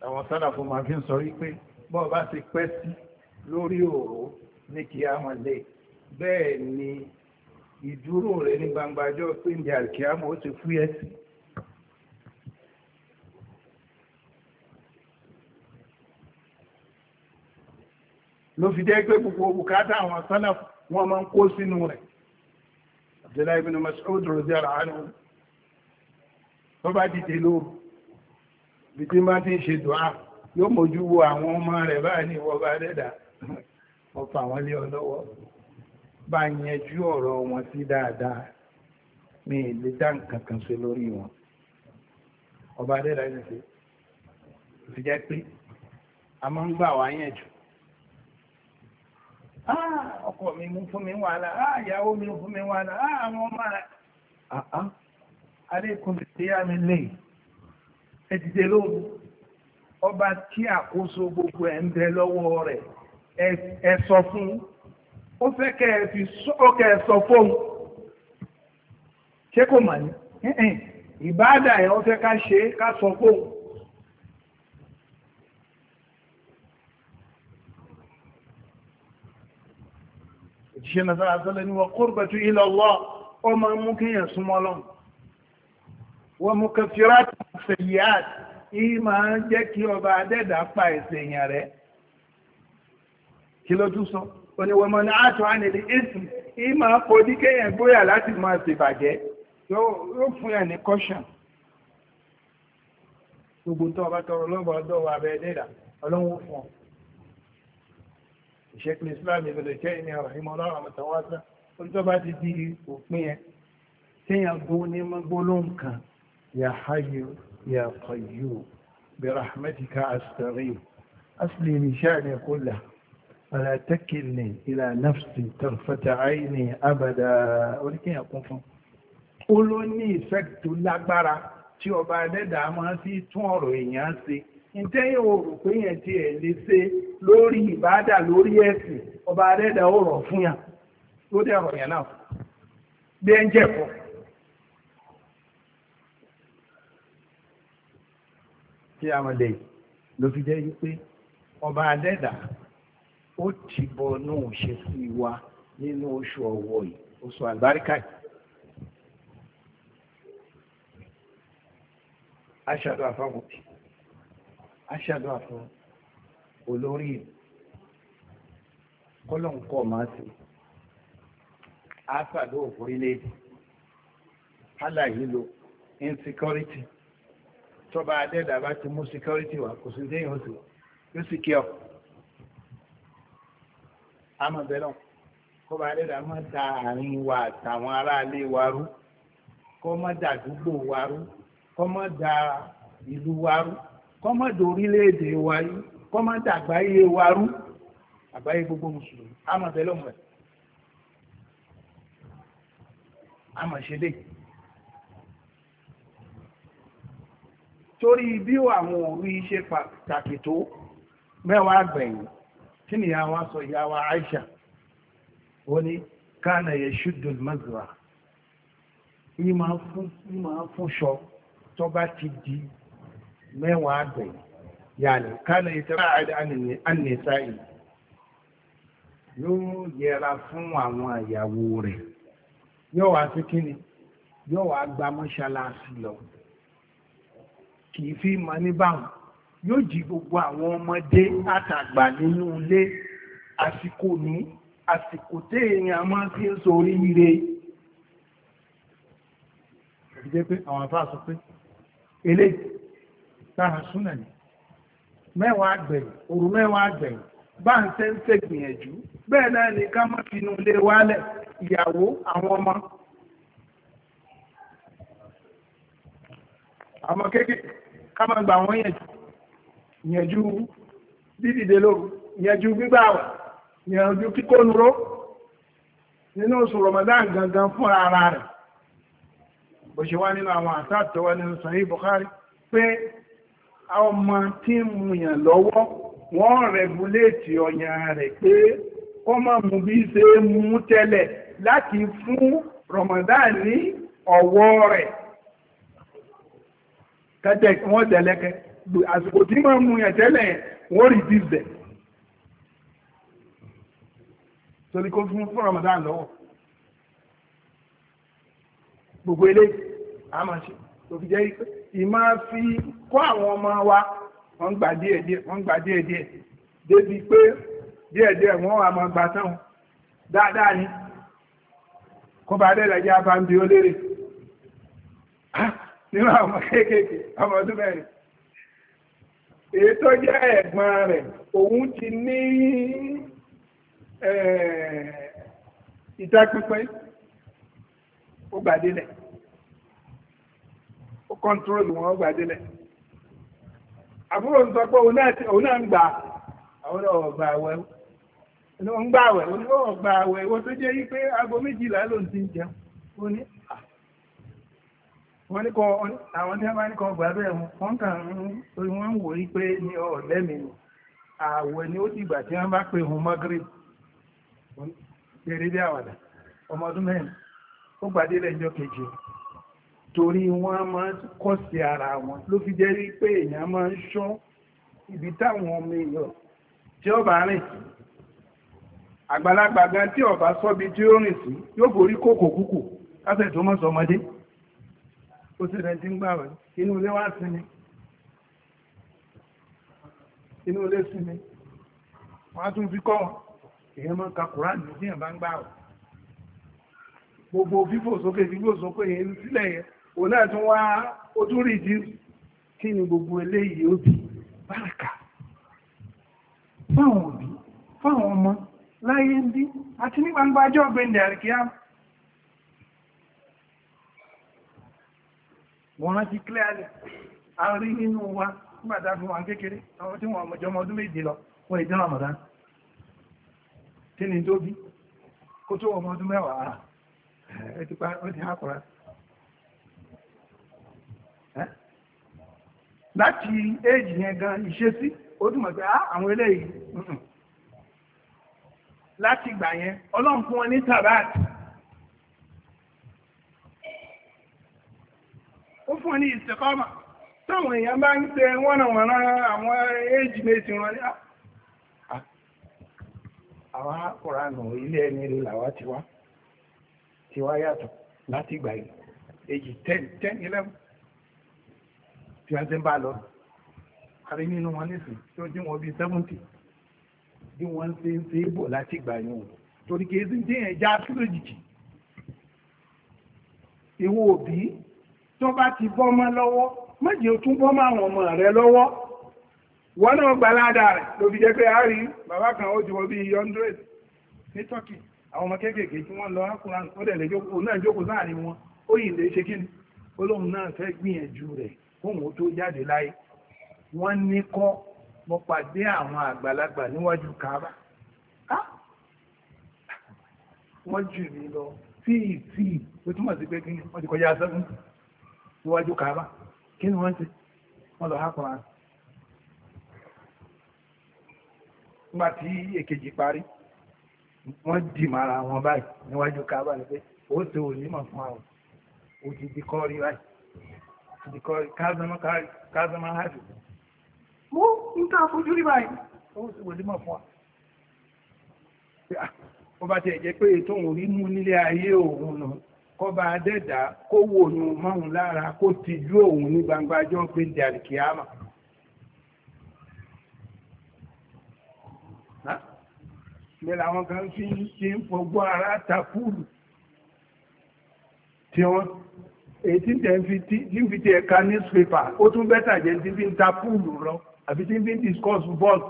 àwọn sálàfò máa fi ń sọ wípé bọ́ọ̀ bá ti pẹ́ sí lórí òòró ní kí á wọn lè bẹ́ẹ̀ ni ìdúró rẹ̀ ní gbangba ọjọ́ pé ní àríkíámọ̀ ó ti fúyẹ́ sí ló fi jẹ́ pé gbogbo bùkátà àwọn sálàf wọn máa ń kó sínú rẹ̀ Abdullahi ibn Mas'ud radiyallahu anhu tó bá dìde lóru bí tí má ti ń ṣe dùá yóò mójú wo àwọn ọmọ rẹ̀ báyìí ní ìwọ bá dẹ́dà ọ̀pọ̀ àwọn ilé ọlọ́wọ́ bá yanjú ọ̀rọ̀ wọn sí dáadáa mi lè dá nǹkan kan ṣe lórí wọn ọba dẹ́dà ṣe ṣe jẹ́ pé a máa ń gbà wá yanjú Ah, ọkọ mi mú fún mi wàhálà ah, ìyàwó mi fún mi wàhálà ah, àwọn ọmọ rẹ̀ alékùnrin tí yá mi lè ẹ ti dé lóru ọba tí àkóso gbogbo ẹ̀ ń bẹ lọ́wọ́ rẹ̀ ẹ sọ fún ó fẹ́ kẹ́ ẹ fi sọ́ọ̀kẹ́ ẹ sọ fóun ṣé kò mà ní ìbáàdà ẹ̀ ó fẹ́ ká ṣe é ká sọ fóun. òjíṣẹ́ nasara sọ́lẹ̀ ni wa qurbatu ila Allah ó ma mú kíyàn súnmọ́ lọ́n wa mukaffirat sayyi'at yìí máa ń jẹ́ kí ọba adẹ́dà pa ẹ̀ṣẹ̀ èèyàn rẹ̀ kí ló tún sọ ó ní wa man'atu 'anil ism yìí máa kọjú kéèyàn gbóyà láti máa ṣèbàjẹ́ yóò fún yàn ní caution gbogbo tó ọba tọrọ lọ́bọ̀ ọdọ́ wa bẹ́ẹ̀ dẹ́dà ọlọ́run fún ọ ìṣẹ́kùn islam ìbẹ̀lẹ̀ jẹ́ ìní àràhìmọ̀ ọlọ́run àmọ̀tàwásá tó bá ti di òpin ẹ téèyàn gbó ní gbólóhùn kan ya hayyu ya qayyu bi rahmatika astaghith asli li sha'ni kullahu wa la takilni ila nafsi tarfata ayni abada oníkèèyàn kún fún ó ló ní ìfẹ́ tó lágbára tí ọba ẹlẹ́dàá máa ń fi tún ọ̀rọ̀ èèyàn ṣe ǹjẹ́ yóò rò pé yẹn ti ẹ̀ lè ṣe lórí lórí ẹ̀sìn ọba adẹ́dà ó rọ̀ fún yàn ló dẹ̀ rọ̀ yàn náà bí ẹ kí lè fi jẹ́ ọba ó ti bọ náà ṣe sí wa nínú oṣù ọ̀wọ̀ yìí oṣù àlùbáríkà yìí. aṣáájú aṣàdúrà fún olórí kọ́lọ́ǹkọ́ máa sì àṣàdó òfúrílẹ̀-èdè aláìlò insecurity tọba adẹ́dà bá ti mú security wà kò sí déyìn oṣù yóò sì kí ọ àmọ́ bẹ́ẹ̀ náà kọba adẹ́dà má da àárín wa àtàwọn aráalé wa rú kọ́ má da àdúgbò wa rú kọ́ má da ìlú wa rú kọ́mọ̀dé orílẹ̀-èdè wa yìí kọ́mọ̀dé àgbáyé wa rú àgbáyé gbogbo mùsùlùmí àmọ̀ bẹ́lọ̀ mọ̀ àmọ̀ ṣe dé torí bí àwọn orí iṣẹ́ pàtàkì tó mẹ́wàá gbẹ̀yìn kí ni àwa sọ ìyá wa Aisha ó ní kánà yẹ ṣùdùn mọ́zùrà ìmọ̀ fún tó bá ti di mẹ́wàá àgbẹ̀ yàní kánà ìtara àníṣáì yóò yẹra fún àwọn ìyàwó rẹ̀ yóò wá sí kíni yóò wá gba mọ́ṣáláṣí lọ kì í fi mọ ní báwọn yóò jí gbogbo àwọn ọmọdé àtàgbà nínú ilé àsìkò ní àsìkò téèyàn máa fi ń sorí ire ìjẹ́ pé àwọn àfáà sọ pé eléyìí lára ni mẹ́wàá gbẹ̀yìn òru mẹ́wàá gbẹ̀yìn bá ń ṣe ń ṣe gbìyànjú bẹ́ẹ̀ náà ni ká má fi inú ilé wálẹ̀ ìyàwó àwọn ọmọ. àmọ́ kéékèèké ká máa gbà wọ́n yẹ̀jú yẹ̀jú dídìde lóru yẹ̀jú gbígbà àwẹ̀ yẹ̀jú kíkó nuró nínú oṣù Ramadan gangan fún ara rẹ̀ bó ṣe wá nínú àwọn àtàtọ̀ wá nínú Sahih Bukhari pé ọmọ tí ń mùyàn lọ́wọ́ wọ́n rẹ̀gúléètì ọyàn rẹ̀ pé kó má mú bí ṣe mú tẹ́lẹ̀ láti fún Ramadan ní ọ̀wọ́ rẹ̀ kẹ́tẹ́ wọ́n tẹ̀lẹ́kẹ́ àsìkò tí máa mú yàn tẹ́lẹ̀ wọ́n rí bí bẹ̀ torí kó fún fún Ramadan lọ́wọ́ gbogbo eléyìí a máa ṣe tó fi jẹ́ ìpẹ́ ìmá fi kọ́ àwọn ọmọ wa wọ́n gbà díẹ̀díẹ̀ wọ́n gbà díẹ̀díẹ̀ débi pé díẹ̀díẹ̀ wọ́n wà máa gbà tán dáadáa ni kó bá dé lẹ́jẹ́ abáǹdì ó lérè ah, nínú àwọn kéékèèké ọmọ ọdún mẹ́rin èyí tó jẹ́ ẹ̀gbọ́n rẹ̀ òun ti ní ìtàpínpín ó gbà délẹ̀. ó kọ́ńtúrólù wọn gbà délẹ̀ àbúrò ń sọ pé òun náà ń gbà àwọn ọ̀gbà àwẹ̀ ló ń gbà àwẹ̀ ó ọ̀gbà àwẹ̀ wo tó jẹ́ yí pé aago méjìlá ló ti ń jẹun ó ní wọ́n ní àwọn tí wọ́n bá gbà bẹ́ẹ̀ wọ́n kàn ń wọ́n ń wò ti gbà tí wọ́n bá magrib kejì torí wọ́n máa kọ́ sí ara wọn ló fi jẹ́ rí pé èèyàn máa ń ṣọ́ ibi táwọn ọmọ èèyàn tí ó bá rìn àgbàlagbà gan tí ó bá sọ́bi tí ó rìn sí yóò borí kòkò kúkù kásẹ̀ tó mọ́ sọmọdé ó sì rẹ̀ ti ń gbà wẹ̀ inú ilé wá sinmi inú ilé sinmi wọ́n á tún fi kọ́ wọn èèyàn máa ka Kùrán ní bá ń gbà wẹ̀ gbogbo fífò sókè yẹn sílẹ̀ yẹn òun náà tún wá ojú rí kí gbogbo eléyìí ó bí báràkà fáwọn òbí fáwọn ọmọ láyé ń bí àti ní gbangba ajọ́ ọ̀gbẹ́ndẹ̀ àríkíá wọ́n rántí clearly a rí nínú wa nígbàtà fún wọn kékeré àwọn tí wọ́n lọ wọ́n ìdí ọmọdá ni tó bí kó tó mẹ́wàá ẹ̀ ti pa láti éèjì yẹn gan ìṣesí ó túnmọ̀ pé ah, àwọn eléyìí láti gbà yẹn ọlọ́run fún wọn ní tàbáàtì ó fún wọn ní ìsìnkọ́mà táwọn èèyàn bá ń tẹ wọ́nàwọ̀nà àwọn éèjì méjì wọn ní ah, ah, àwọn akọ̀rànà ilé ẹni rẹ̀ làwá ti wá ti wá yàtọ̀ láti gbà yìí èjì 10 11 tí wọ́n ti ń bá lọ àrí nínú wọn nísìn tí ó dín wọn bíi seventy bí wọ́n ṣe ń ṣe é bọ̀ láti ìgbà yẹn o torí kì í sì dín ẹja lójijì ìwọ òbí tó bá ti bọ́ ọmọ lọ́wọ́ méjì ó tún bọ́ mọ́ àwọn ọmọ rẹ lọ́wọ́ wọ́n náà gba ládàá rẹ̀ lóbi jẹ́ pé a rí bàbá kan ó ju wọ́n bíi hundred ní Turkey àwọn ọmọ kéékèèké tí wọ́n lọ ákùnrin ó dẹ̀ lè náà jókòó sáàrin wọn ó yìí lè ṣe kí ni olóhùn náà fẹ́ gbìyànjú rẹ̀ fóun tó jáde láyé wọ́n ní kọ́ mo pàdé àwọn àgbàlagbà níwájú kaaba wọ́n jù mí lọ tíì tíì ó túmọ̀ sí pé kí wọ́n ti kọjá sẹ́gun níwájú kaaba kí ni wọ́n ti wọ́n lọ hápọ̀ ara nígbà tí èkejì parí wọ́n dì mara wọn báyìí níwájú kaaba ni pé ó ti òní mọ̀ fún àwọn òtítí kọ́ rí báyìí because ká zama hajj mú ń tà fojú rí báyìí ó sì wòlí mọ̀ fún wa ah, ó bá tiẹ̀ jẹ́ pé ètò òun rí mú nílé ayé òun nù kọ́ bá dẹ́dà kó wò ní mọ́hun lára kó ti jú òun ní gbangba jọ́ pé dàríkìámà ní làwọn kan fi ń fogbọ́ ara takúlù tí wọ́n èyí tí ń fi ti ẹ̀ka newspaper ó tún bẹ́tà jẹ́ tí fi ń ta púùlù rọ àbí tí fi ń discuss bọ́ọ̀lù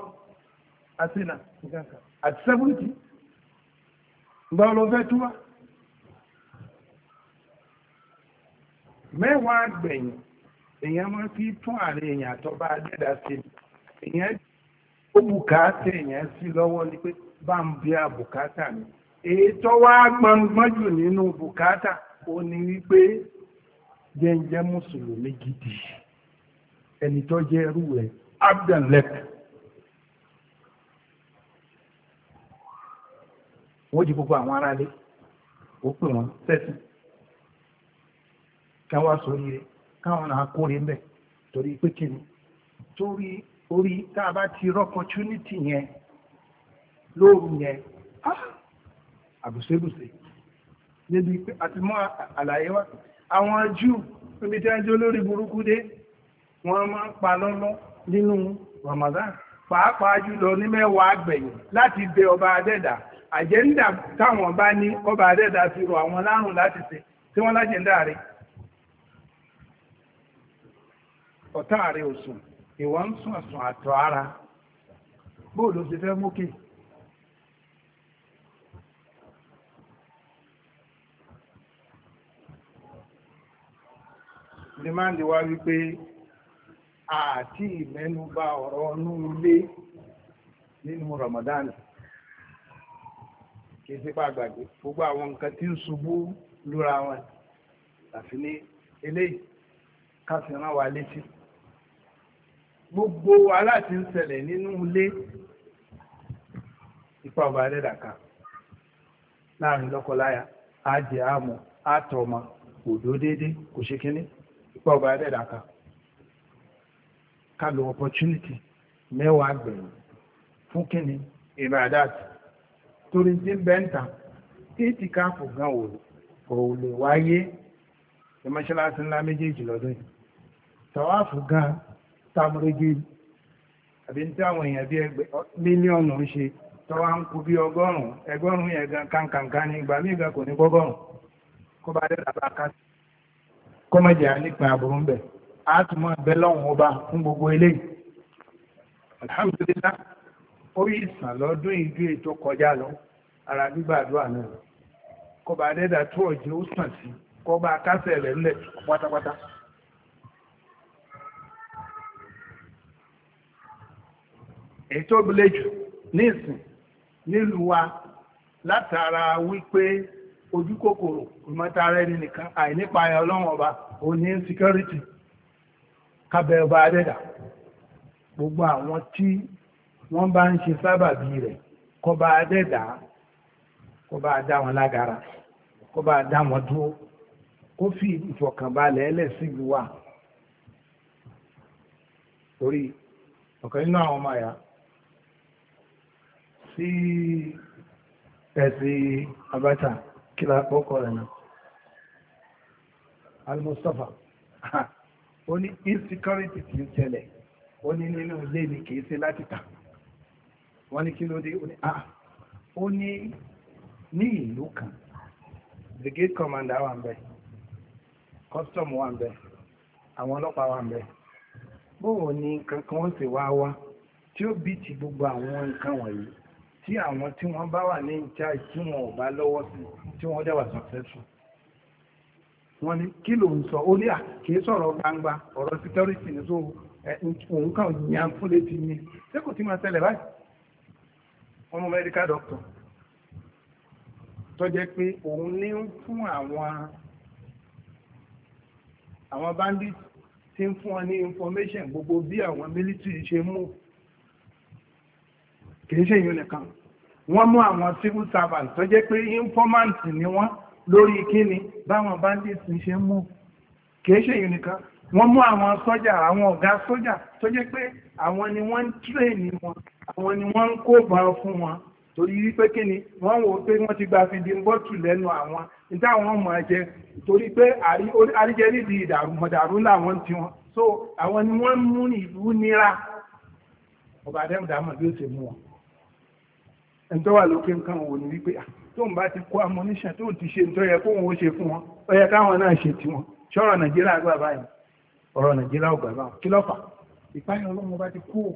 àtìnà àti sẹ́fúntì báwo ló fẹ́ mẹ́wàá gbẹ̀yìn èèyàn máa fi tún àárín èèyàn àtọ́ba adẹ́dá sí i èèyàn ó bùkátà èèyàn sí lọ́wọ́ ni pé bá ń bí jẹ́ ń jẹ́ mùsùlùmí gidi ẹni tó jẹ́ ẹrú rẹ̀ abdan lek wọ́n di gbogbo àwọn aráalé ó pè wọ́n sẹ́sìn káwá sórí rẹ̀ káwọn náà kórè ń bẹ̀ torí pé kí ni torí orí tá a bá ti rọ́pọ̀túnítì yẹn lóru yẹn ah! àbùsẹ́bùsẹ́ débi pé àti mọ́ àlàyé wa àwọn jù níbi tí wọ́n jẹ́ olórí burúkú dé wọ́n máa ń pa lọ́lọ́ nínú Ramadan pàápàá jùlọ ní mẹ́wàá àgbẹ̀yìn láti bẹ ọba adẹ́dà àjẹ́ndà táwọn bá ní ọba adẹ́dà fi rọ àwọn lárùn láti ṣe tí wọ́n lájẹ̀ndà rẹ̀ ọ̀tá rẹ̀ òsùn ìwọ́n ń sùn àsùn àtọ̀ ara bóòlù ti fẹ́ mókè dìmáàndì wá wípé àti ìmẹ́nubà ọ̀rọ̀ ọ̀nú ilé nínú Ramadan kì í sí pa àgbàgbé gbogbo àwọn nǹkan tí ń ṣubú lúra wọn àfi ní eléyìí káfí rán wa létí gbogbo aláti ń ṣẹlẹ̀ nínú ilé ipa ọba ẹlẹ́dàká láàrin lọ́kọláya á àmọ́ àtọmọ kò déédéé kò ṣe kínní pọ̀ bá dẹ̀dà kan ká lo opportunity mẹ́wàá gbẹ̀yìn fún kíni ibadat torí tí ń bẹ́ ń ta títí káàpù gan ò lè wáyé ìmọ̀ṣáláṣí ńlá méjèèjì lọ́dún yìí tàwáàfù gan tamurege àbí ní táwọn èèyàn bí mílíọ̀nù ń ṣe tọ́wá ń kú bí ọgọ́rùn-ún ẹgbọ́rùn yẹn gan kankankan ní ìgbà míì gan kò ní gbọ́gọ́rùn-ún kó bá dé làbá kásì. kọ́mọ̀dé nípa àbúrú ń bẹ̀ á tún mọ́ ẹgbẹ́ ọba fún gbogbo eléyìí alhamdulillah orí ìsàn lọ́dún ìjú ètò kọjá lọ ara gbígbàdúrà náà kọba adẹ́dà tó ọ̀jẹ́ ó sàn sí kọba akásẹ̀ rẹ̀ ńlẹ̀ pátápátá ètò ìbílẹ̀ jù ní ìsìn nílùú wa látara wípé ojú kòkòrò ìmọ̀tara ẹni nìkan àìnípa ẹ̀ ọlọ́run ọba òní security kábẹ̀ ọba adẹ́dà gbogbo àwọn tí wọ́n bá ń ṣe sábàbí rẹ̀ kọba adẹ́dà kọba adá wọn lágara kọba adá wọn dúró kó fi ìfọ̀kànbalẹ̀ ẹlẹ́sìnkú wa torí ọ̀kan nínú àwọn ọmọ àyà sí ẹ̀sìn abata kílá àpọ́kọ̀ rẹ̀ náà al-Mustapha (laughs) ó ní insecurity tí ó tẹ́lẹ̀ ó ní nínú ilé ní kìí ṣe láti tà wọ́n ní kí ló dé ó ní ah. ní ìlú kan brigade commander wà ń bẹ custom wà ń bẹ àwọn ọlọ́pàá wà ń bẹ bóò ní kankan ó sì wá wá tí ó bí ti gbogbo àwọn nǹkan wọ̀nyí tí àwọn tí wọ́n bá wà ní ìjà tí wọn ò bá lọ́wọ́ sí tí wọ́n dẹ̀ wà successful wọ́n ní kí ló ń sọ ó ní àkè sọ̀rọ̀ gbangba ọ̀rọ̀ security ní so òun kàn yàn fún létí ni ṣé kò tí máa ṣẹlẹ̀ báyìí wọ́n mú medical doctor tó jẹ́ pé òun ní ń fún àwọn àwọn bandits tí ń fún wọn ní information gbogbo bí àwọn military ṣe mú kìí ṣe yìí nìkan wọ́n mú àwọn civil servant tó jẹ́ pé informant ni wọ́n lórí kíni báwọn bandits ń ṣe mú kìí ṣe yìí nìkan wọ́n mú àwọn sọ́jà àwọn ọ̀gá sọ́jà tó jẹ́ pé àwọn ni wọ́n ń tírèèni wọn àwọn ni wọ́n ń kó bá fún wọn torí wípé kíni wọ́n wò pé wọ́n ti gba fìdí bọ́tù lẹ́nu àwọn níta àwọn ọmọ ẹ̀jẹ̀ torí pé àríjẹ níbi ìdàrúmọ̀dàrú làwọn ti wọn so àwọn ni wọ́n mú ìlú nira ọba adẹ́mùdàmọ̀ bí ó ṣe mú wọn ẹ̀ńtọ́ wà lókè nǹkan wò ní wípé ah, tó ń bá ti kó amúníṣàn tó ti ṣe nítorí ẹ kó wọn ó ṣe fún wọn ó yẹ káwọn náà ṣe tiwọn ṣọ́rọ̀ nàìjíríà gbà báyìí ọ̀rọ̀ nàìjíríà ò gbà báyìí kí lọ́fà ìpáyọ̀ ọlọ́run bá ti kú ò.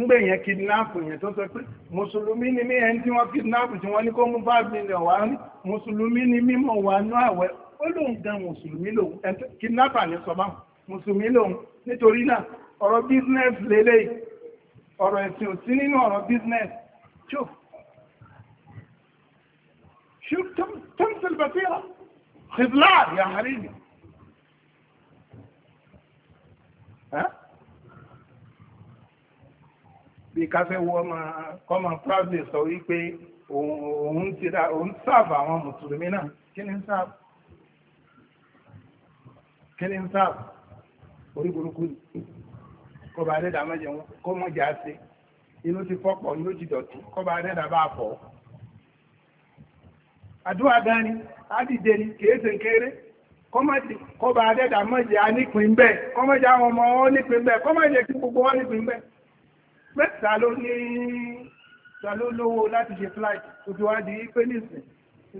ńgbẹ̀ yẹn kidnapu yẹn tó sọ pé mùsùlùmí ni mí ẹni tí wọ́n kidnapu tí wọ́n ní kó mú five million wá ní mùsùlùmí ni mímọ̀ wà nú àwẹ̀ ó lóun gan mùsùlùmí lòun kidnapper ni sọ báwọn mùsùlùmí lòun nítorí náà ọ̀rọ̀ business lélẹ̀ ọ̀rọ̀ ẹ̀sìn òsí nínú ọ̀rọ̀ business tó ṣú tọ́mṣẹ̀l bàtíra ṣìbláà yà àríyìn bí káfẹ́ wọ́n máa kọ́mà proudly sọ wípé òun ti ra òun sáàbù àwọn mùsùlùmí náà kí ni sáàbù kí ni sáàbù orí burúkú ni kọba adẹ́dà mẹ́jẹ wọn kó mọ́ jà sí inú ti fọ́pọ̀ inú ti dọ̀tí kọba adẹ́dà bá fọ́ àdúrà dání ádìde ni kèése kéré kọba adẹ́dà mẹ́jẹ anípin bẹ́ẹ̀ kọ́mọ́jà àwọn ọmọ wọn nípin bẹ́ẹ̀ kọ́mọ́jà kí gbogbo wọn nípin bẹ́ẹ̀ mẹ́ta ló ní ta lówó láti ṣe flight òjò di pé nísìn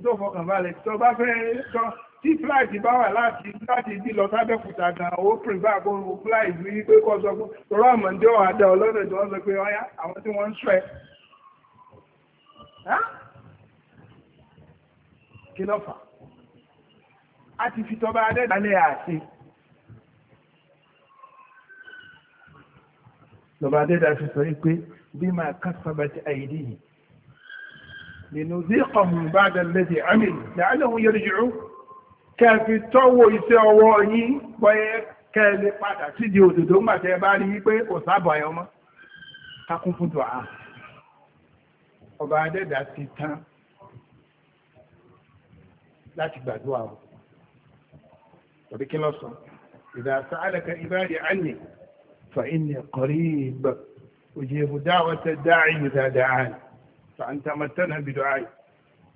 tó fọkàn balẹ̀ tó bá fẹ́ tán tí fúláìtì bá wà láti láti ibi lọ sábẹ́kúta gan ó pèsè àgbọ̀nrún fúláìtì rí pé kọ́ sọ fún tọ́rọ àmọ́ndé ọ̀hádà ọlọ́dẹ̀ tí wọ́n sọ pé ọyá àwọn tí wọ́n ń sọ ẹ́ kí ló fà á ti fi tọ́ba adẹ́dálẹ̀ àti lọ́ba adẹ́dá fi sọ pé bí máa kásábàtì àìdí yìí lè nù zí kọ̀ọ̀mù bá dàlẹ́dẹ̀ àmì làálẹ̀ kẹfì tọ́wọ́ iṣẹ́ ọwọ́ yín bọ́yẹ́ kẹ́lẹ̀ padà sídi òdòdó gbàtẹ́ bá rí wípé kò sábà ẹ̀ ọmọ takún fún tó à ọba adẹ́dà ti tán láti gbàdúrà o òbí kí lọ sọ ìdá sa'alaka ibadi anni fa inni qarib ujibu da'wata da'i idha da'an fa anta mattana bi du'ai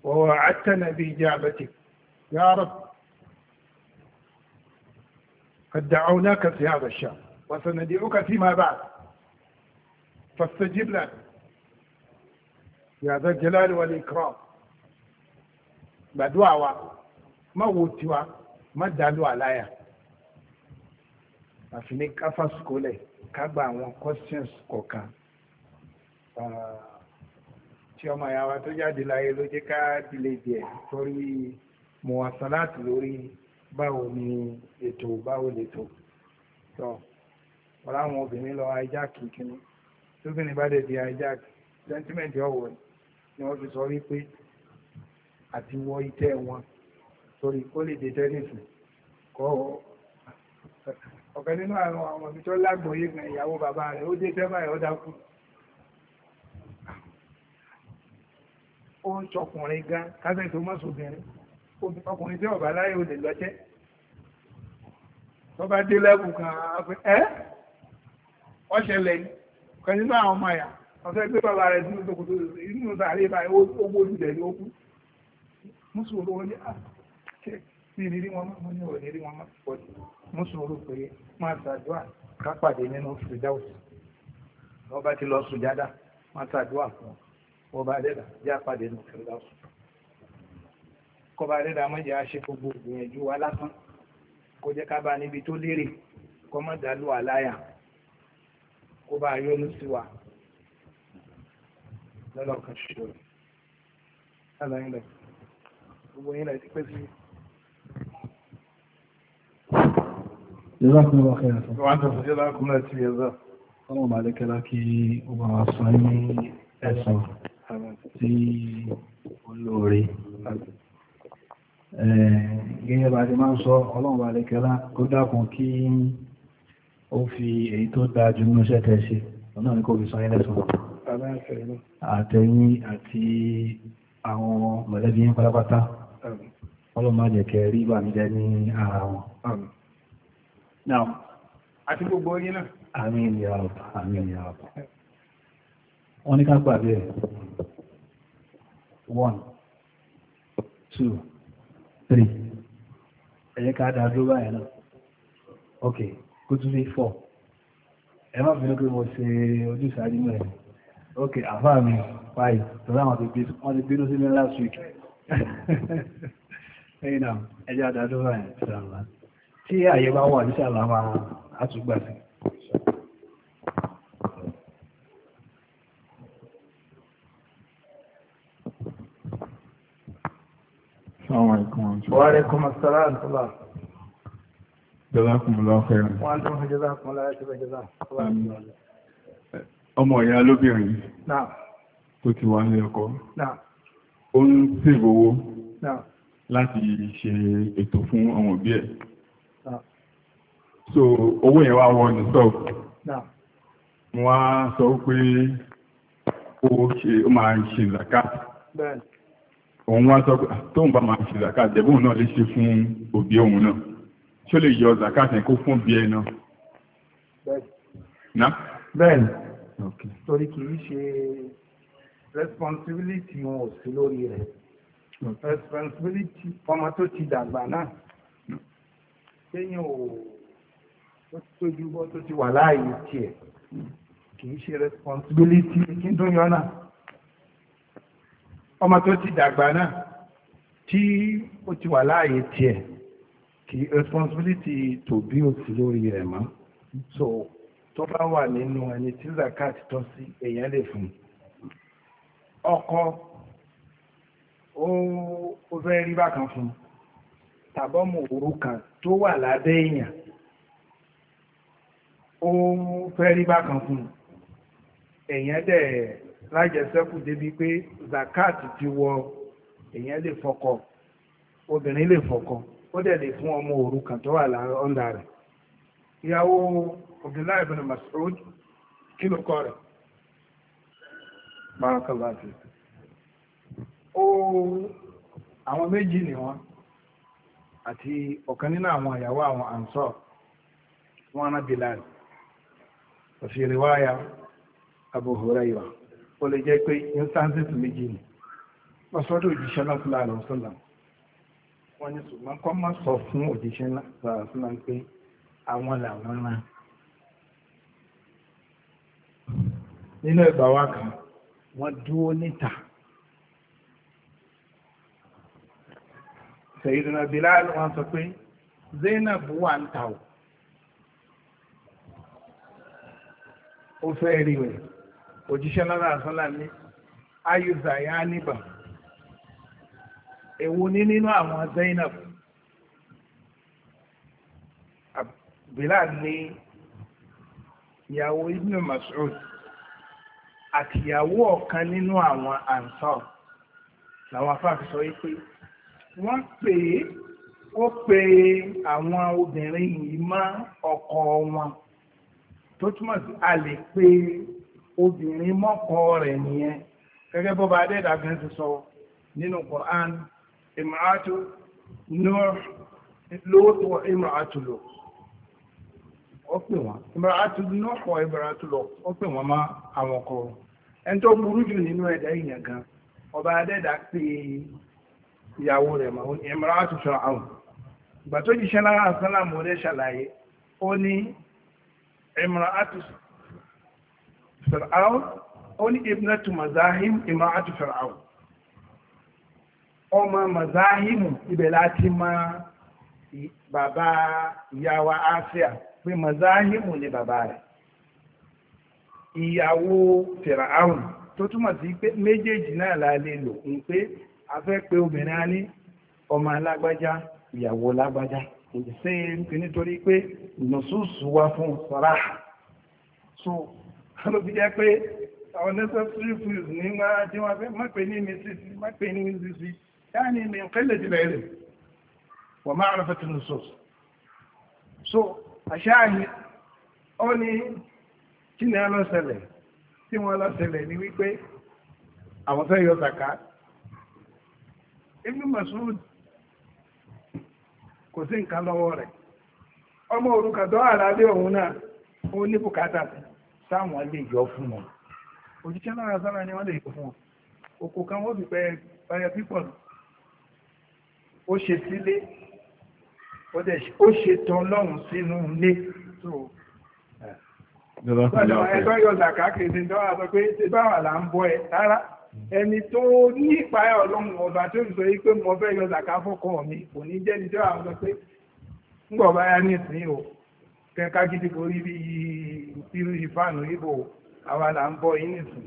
wa wa'adtana bi ijabatik ya rabbi قد دعوناك ذهاب الشام وسندعوك فيما بعد فاستجب لنا يا ذا الجلال والإكرام gbàdúrà wa má wo tiwa má dàlú àláyà àfi ní káfásùkò lẹ ká gba àwọn questions kọ̀ọ̀kan tí ọmọ ìyá wa tó jáde láyé ló jẹ́ ká dìlé díẹ̀ torí mọ̀wá sàláàtì lórí báwo ni ètò báwo lètò sọ ọ̀rọ̀ àwọn obìnrin lọ hijack kìíní tóbìnrin bá dẹ̀ di hijack sentiment ọ̀wọ̀ ni wọ́n fi sọ wípé àti wọ itẹ́ wọn torí kó lè dé tẹ́nìsì kọ́ ọ̀kan nínú àwọn ọmọ mi tó lágbòye gan ìyàwó bàbá rẹ̀ ó dé tẹ́ báyìí ó dákú. ó ń sọkùnrin gan kásẹ̀ tó mọ́sọ̀bìnrin ọkùnrin tí ọ̀bá láyé olè lọ́jẹ́ tó bá dé lẹ́bùn kan àpẹ ẹ́ ọ̀ṣẹlẹ̀ kan nínú àwọn ọmọ àyà ọ̀fẹ́ gbé bàbá rẹ̀ sínú tòkòtò inú sàárè báyìí ó gbójú dẹ̀ ní okú ah, mùsùlùmí ó ní àṣẹ sí ìrírí wọn mọ́ mo ní òní rí wọn mọ́ pọ̀jù mùsùlùmí pé máa ṣàdúrà ká pàdé nínú fìdáwùsì wọ́n bá ti lọ sùn jáda máa ṣàdúrà fún wọn bá dẹ́dà já pàdé nínú fìdáwùsì kọba rẹ̀dà mọ́jà ṣe gbogbo ìgbìyànjú wa lásán kó jẹ́ ká bá níbi tó lérè kọ́ mọ́ dàlú àláyà kó bá yọ́nú sí wa lọ́lọ́kan ṣoṣo láàrín lọ gbogbo yín láti pẹ́ sí. Jazakumullahu khairan. Wa anta jazakumullahu khairan. Ọmọ màlẹ́kẹ́lá kí ó bá wa sọ ní ẹ̀sán tí olóore gẹ́gẹ́ bá ti máa ń sọ ọlọ́run alẹ́kẹ́lá kó dákun kí ó fi èyí tó dáa jù nínú iṣẹ́ tẹ̀ṣe ọ̀nà ní kò fi sanyẹ́ lẹ́sọ̀rọ̀ àtẹ̀yìn àti àwọn mọ̀lẹ́bí yín pátápátá ọlọ́run má jẹ́ kẹ́ rí ìbànújẹ́ ní ara wọn. àti gbogbo yín náà. àmín ya Rabb àmín ya Rabb wọ́n ní ká gbàgbé one two three ẹ̀yẹ ká dáa dúró báyìí náà ok kó tún sí four ẹ má fi lókè mo ṣe ojúṣàájú mẹ́rin ok àfáà mi five tọ́lá wọn ti bínú sí mi last week (laughs) ẹ̀yìn náà ẹjẹ́ àdájọ́ báyìí ṣàlá tí àyè bá wà ní ṣàlá máa àtúgbà sí. Wa alaikum assalam àtúbà. Jazakumullahu khairan. Wọ́n tó ń jẹ́zá kún lára ti bẹ̀jẹ́zá. Ọmọ ìyá lóbìnrin. Náà. Tó ti wà ní ọkọ. Náà. Ó ń sèwòwó. Náà. Láti ṣe ètò fún ọmọ bí ẹ̀. Náà. So owó yẹn wá wọ ní sọ́ọ̀kù. Wọ́n á sọ pé ó máa ń ṣe zakat. Bẹ́ẹ̀ni òun wá sọ pé ah, tóun bá máa ṣe zakat jẹ̀bóun náà lè ṣe fún òbí òun náà ṣó lè yọ zakat yẹn kó fún òbí ẹ náà. na. bẹ́ẹ̀ni torí kì í ṣe responsibility wọn ò sí lórí rẹ̀ responsibility ọmọ tó ti dàgbà náà téèyàn ò tó tójú bọ́ tó ti wà láàyè tiẹ̀ kì í ṣe responsibility kí n tó yọ náà ọmọ tó ti dàgbà náà tí ó ti wà láàyè tiẹ̀ kì responsibility tòbí ò sí lórí rẹ̀ mọ́ so tó bá wà nínú ẹni tí zakat tọ́ sí èèyàn lè fún ọkọ ó fẹ́ rí bákan fún tàbọ́mù òrukàn tó wà lábẹ́ èèyàn ó fẹ́ rí bákan fún èèyàn dẹ̀ lájẹsẹ́kù débi pé zakat ti wọ èèyàn lè fọkọ obìnrin lè fọkọ ó dẹ̀ lè fún ọmọ òrukàn tó wà lọ́ndà rẹ̀ ìyàwó Abdullahi ibn Mas'ud kí ló rẹ̀ àwọn méjì ni wọn àti ọ̀kan nínú àwọn ìyàwó àwọn wọn rán Bilal òfin Abu ó lè jẹ́ pé instances méjì ni lọ́sọ́dọ̀ òjíṣẹ́ náà fúnra rẹ̀ ọ̀sọ́là wọ́n ní ṣùgbọ́n kọ́ má sọ fún òjíṣẹ́ náà fúnra pé àwọn làwọn rán nínú ìgbà wa kan wọ́n dúró níta Sayyidina Bilal wọ́n sọ pé Zainab wà ń ta ó fẹ́ rí rẹ̀ òjíṣẹ́ lára àsánlá ní ayùzà yá níbà èwo ní nínú àwọn Zainab Bilal ní ìyàwó Ibn Mas'ud àtìyàwó ọ̀kan nínú àwọn Ansar làwọn afáàfi sọ wípé wọ́n pè é ó pe àwọn obìnrin yìí mọ́ ọkọ wọn tó túmọ̀ sí a lè pe obìnrin mọ́kọ̀ rẹ̀ nìyẹn gẹ́gẹ́ bọ́ba adẹ́dàgbẹ́ ti sọ nínú Qur'an imratu Nuh lóòtò imratu lò ó pè imratu Nuh imratu lò àwọn ọkọ tó burú jù nínú ẹ̀dá èèyàn gan ọba adẹ́dà pé ìyàwó rẹ̀ mọ́ imratu ìgbà tó jíṣẹ́ rẹ̀ ṣàlàyé ó ní imratu fir'aun ó ní ibnatu mazahim ima'atu fir'aun ọmọ mazahimu ibẹ̀ láti máa bàbá ìyàwó Àsíyà pé mazahimu ni bàbá rẹ̀ ìyàwó fir'aun tó túmọ̀ sí pé méjèèjì náà la lè lò ń pé a fẹ́ pé obìnrin a ní ọmọ alágbájá ìyàwó lágbájá kò nítorí pé nùsùsù wá fún sọ́ra so ló fi jẹ́ pé àwọn necessary foods ní wọ́n tí wọ́n fẹ́ má pè ní mrs má pè ní mrs yáni mi kẹ́lẹ̀ jìlẹ̀ rẹ̀ wọ́n máa rẹ̀ fẹ́tì ní sọ́ọ̀sì so àṣáàyí ó ní kí ni ọlọ́sẹ̀lẹ̀ tí wọ́n lọ́sẹ̀lẹ̀ ní wípé àwọn fẹ́ yọ zaka Ibn Mas'ud kò sí nǹkan lọ́wọ́ rẹ̀ ọmọ òrukàn tó òun náà ó ní bùkátà sí táwọn lè yọ fún wọn òjíṣẹ́ lára sára ni wọ́n lè yọ fún wọn oko kan wọ́n fi pẹ̀yẹ pípọ̀ ó ṣe sílé ó ṣe tán lọ́run sínú ilé tó ẹgbẹ́ yọ zàkà kèsì tó wà sọ pé ṣe báwà là ń bọ́ ẹ rárá ẹni tó ní ìpáyà ọlọ́run ọba tó sọ yí pé mo fẹ́ yọ zàkà fọ́kọ mi kò ní jẹ́ ní tó àwọn sọ pé ń gbọ̀ báyá ní o kẹka gidi borí bí irú ìfànù ibò àwa là ń bọ yín nìsín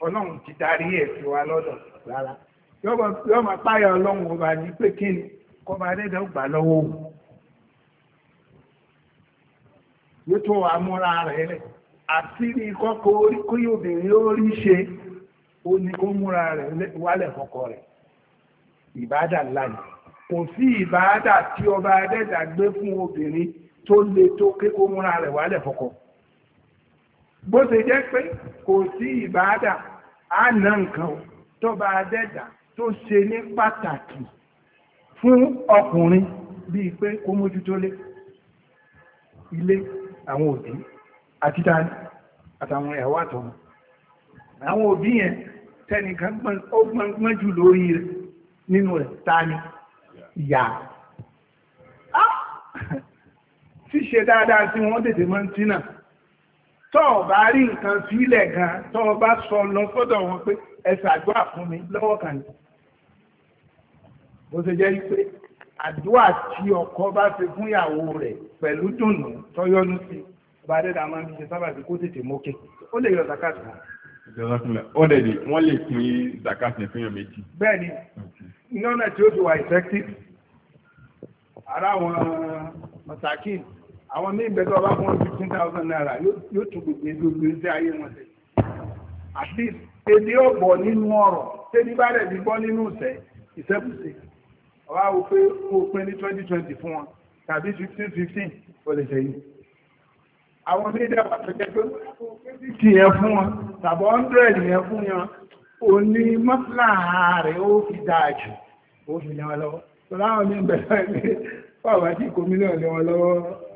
ọlọ́run ti darí ẹ̀ sí wa lọ́dọ̀ rárá yóò máa páyà ọlọ́run ọba ní pé kí ni kọ́ máa dẹ́dẹ́ gbà lọ́wọ́ òun yóò tó wà rẹ̀ lẹ̀ àti ní kọ́kọ́ orí kó yóò bèèrè orí ṣe ó ní kó múra rẹ̀ wálẹ̀ kọ́kọ́ rẹ̀ ìbádà láì kò sí ìbádà tí ọba adẹ́dà fún obìnrin tó le tó ké kó múra rẹ̀ wálẹ̀ fọkọ bó ṣe jẹ́ pé kò sí ìbáadà á nà nǹkan tó bá dẹ́dà tó ṣe ní pàtàkì fún ọkùnrin bíi pé kó mójútó lé ilé àwọn òbí àti tani àtàwọn ẹ̀wà àtọ̀mù àwọn òbí yẹn tẹnìkan ó gbọ́ngbọ́n jù lórí rẹ̀ nínú rẹ̀ tani ìyá ṣíṣe dáadáa sí wọn tètè mọ́ ń tínà tọ́ ọ bá rí nǹkan sílẹ̀ gan tọ́ ọ bá sọ lọ fọ́dọ̀ wọn pé ẹ ṣàdúrà fún mi lọ́wọ́ kan ní. bó ṣe jẹ́ pé àdúrà tí ọkọ bá ṣe fún ìyàwó rẹ̀ pẹ̀lú dùnú tọ́yọ́nú sí ọba dẹ́dà máa ń ṣe sábàbí kó tètè mókè ó lè yọ zakat wọn. wọ́n dẹ̀ ni wọ́n lè pín zakat yẹn fún yàn méjì. bẹ́ẹ̀ni iná náà tí ó fi wà effective ara àwọn masakin àwọn míì bẹ̀ tó bá fún wọn fifteen thousand naira yóò tún gbogbo gbogbo iṣẹ́ ayé wọn ṣe at least èdè ọ̀bọ̀ nínú ọ̀rọ̀ tẹ́ni bá rẹ̀ ti gbọ́ nínú ìṣẹ́ ìṣẹ́kùṣe ọ̀wá wo pé kó pín ní twenty twenty fún wọn tàbí fifteen fifteen ó lè ṣe yìí àwọn míì dẹ̀ pàtó jẹ́ pé fifty yẹn fún wọn tàbí hundred yẹn fún wọn òní mọ́sílà rẹ̀ ó fi dáa jù ó fi lé wọn lọ́wọ́ tó wọn lọ́wọ́.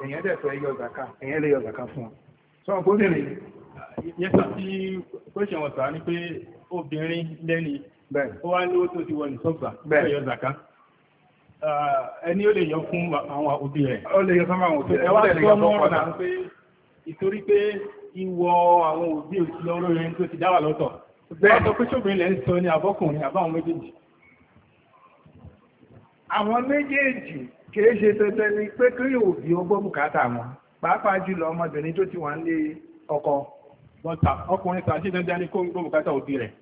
èyàn dẹ̀ fẹ́ yọ zaka èyàn lè yọ zaka fún ọ sọ́wọ́n kó lè rìn. yẹ́sà tí question wọ̀n sọ̀rọ̀ ni pé obìnrin lẹ́ni ó wá lówó tó ti wọ ní sọ́gbà ó yọ zaka ẹni ó lè yọ fún àwọn òbí rẹ̀. ó lè yọ fún àwọn òbí rẹ̀ ó lè yọ fún ọ̀nà pé ìtorí pé ìwọ àwọn òbí òsì lọ́rọ̀ yẹn tó ti dáwà lọ́tọ̀ bẹ́ẹ̀ sọ pé ṣóbìnrin lẹ́ ń sọ ní abọ́kùnrin àbáwọn méjèèjì. àwọn méjèèjì kìí ṣe tẹ́tẹ́ ni pé kí òbí ọgbọ́n bùkátà wọn pàápàá jùlọ ọmọbìnrin tó ti wà ń lé ọkọ. bọ́tà uh, ọkùnrin kan ṣe dandan ni kó gbọ́ bùkátà òbí rẹ̀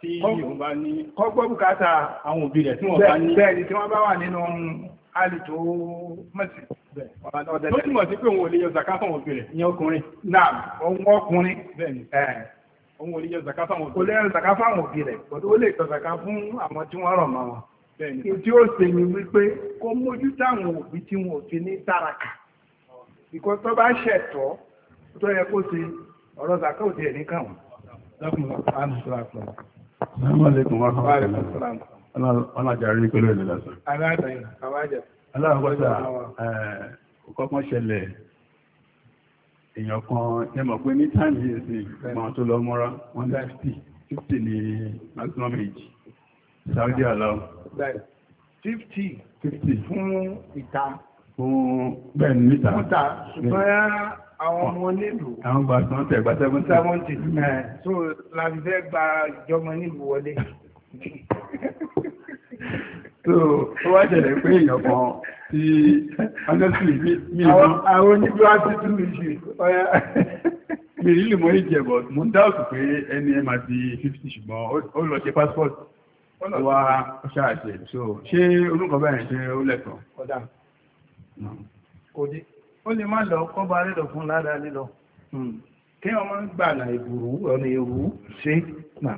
tí òun bá ní. kó gbọ́ bùkátà àwọn òbí rẹ̀ tí wọ́n bá ní. bẹ́ẹ̀ ni tí wọ́n bá wà nínú àlè tó mọ̀sí. tó túmọ̀ sí pé òun ò lè yọ zaka fáwọn òbí rẹ̀ ní ọkùnrin. náà òun ọkùnrin. bẹ́ẹ̀ni òun ò lè yọ zaka fáwọn òbí rẹ̀. kò lè yọ zaka fáwọn òbí rẹ̀ tí ó ṣe ni wípé kó mójú táwọn òbí tí wọn ò ti ní tàràkà ìkọ́ tó bá ṣẹ̀tọ́ tó yẹ kó ṣe ọ̀rọ̀ zaka ò tiẹ̀ ní káwọn. Ọlájàrí pẹ̀lú ìlú lásán. Aláàbọ̀sà ọkọ̀kan ṣẹlẹ̀ èèyàn kan ẹmọ̀ pé ní táìmì yìí sí ìgbà tó lọ mọ́ra 150 ní maximum age. Saudi aláwọ̀. Fifty. Fifty. Fún ìta. Fún bẹ́ẹ̀ níta. Fúta ṣùgbọ́n àwọn ọmọ nílùú. Àwọn gba seventy gba seventy. Seventy. So làbí fẹ́ gba ìjọba nílùú wọlé. (laughs) So ó wá ṣẹlẹ̀ pé èèyàn kan tí honestly mi ò mọ. Àwọn oníbi wá ti tún mi ṣe. Mi ìlú mo ń jẹ̀bọ̀, mo ń dáàbò pé ẹni ẹ máa ti fifty ṣùgbọ́n ó lọ ṣe passport wá ṣáàṣì so ṣé orúkọ bẹ́ẹ̀ ṣe ó lẹ́tọ̀. ó lè má lọ kọ́ bá rẹ̀ fún ládàá lílọ hmm. kí wọ́n máa ń gbà náà ìbùrú ọ̀nà ìrú ṣe náà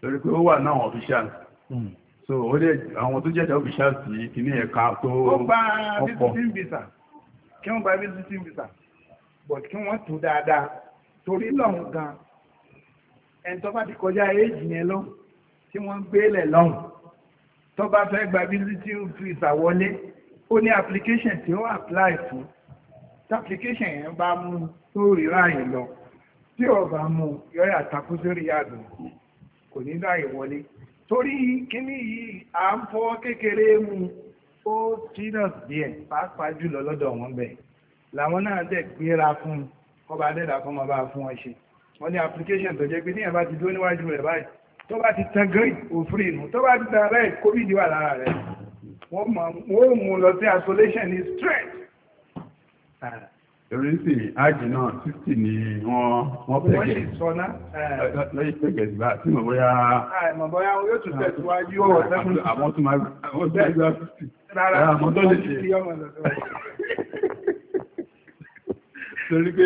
lórí pé ó wà náà official hmm. so ó dẹ̀ àwọn tó jẹ́jẹ́ official sí kìíní ẹ̀ka tó ọ̀pọ̀ ó gba visiting visa kí wọ́n gba visiting visa but kí wọ́n tó dáadáa torí lọ́hùn gan ẹni tó bá ti kọjá éèjì yẹn lọ́hùn tí wọ́n gbélẹ̀ lọ́hùn tó bá fẹ́ gba visiting visa wọlé ó ní application tí ó apply fún tí application yẹn bá mú tó ríra yìí lọ tí ó bá mú yọ́yà takú sórí yàdùn kò ní ráyè wọlé torí kíní yìí à ń fọ́ kékeré mu ó tínàs díẹ̀ pàápàá jùlọ lọ́dọ̀ wọn bẹ̀ làwọn náà dẹ̀ gbéra fún kọba dẹ́dà kọ́ máa bá fún wọn ṣe wọ́n ní application tó jẹ́ pé ní ẹ̀ bá ti dúró níwájú rẹ̀ báyìí tó bá ti tan green òfin inú tó bá ti tan red covid wà lára rẹ̀ wọ́n mú lọ sí isolation ní stress. Ìrísí ah, ájì náà sísì ni wọ́n wọ́n pẹ̀gẹ̀. Wọ́n sì sọ náà. Eh. Lọ́yìn pẹ̀gẹ̀ sí bá tí mo bóyá. Àìmọ̀ ah, bóyá yóò tún tẹ̀síwájú ọ̀rọ̀ sẹ́kùn. Àwọn tó máa wọ́n tó máa gbá sísì. Rárá ah, àwọn tó lè ṣe. (laughs) Torí pé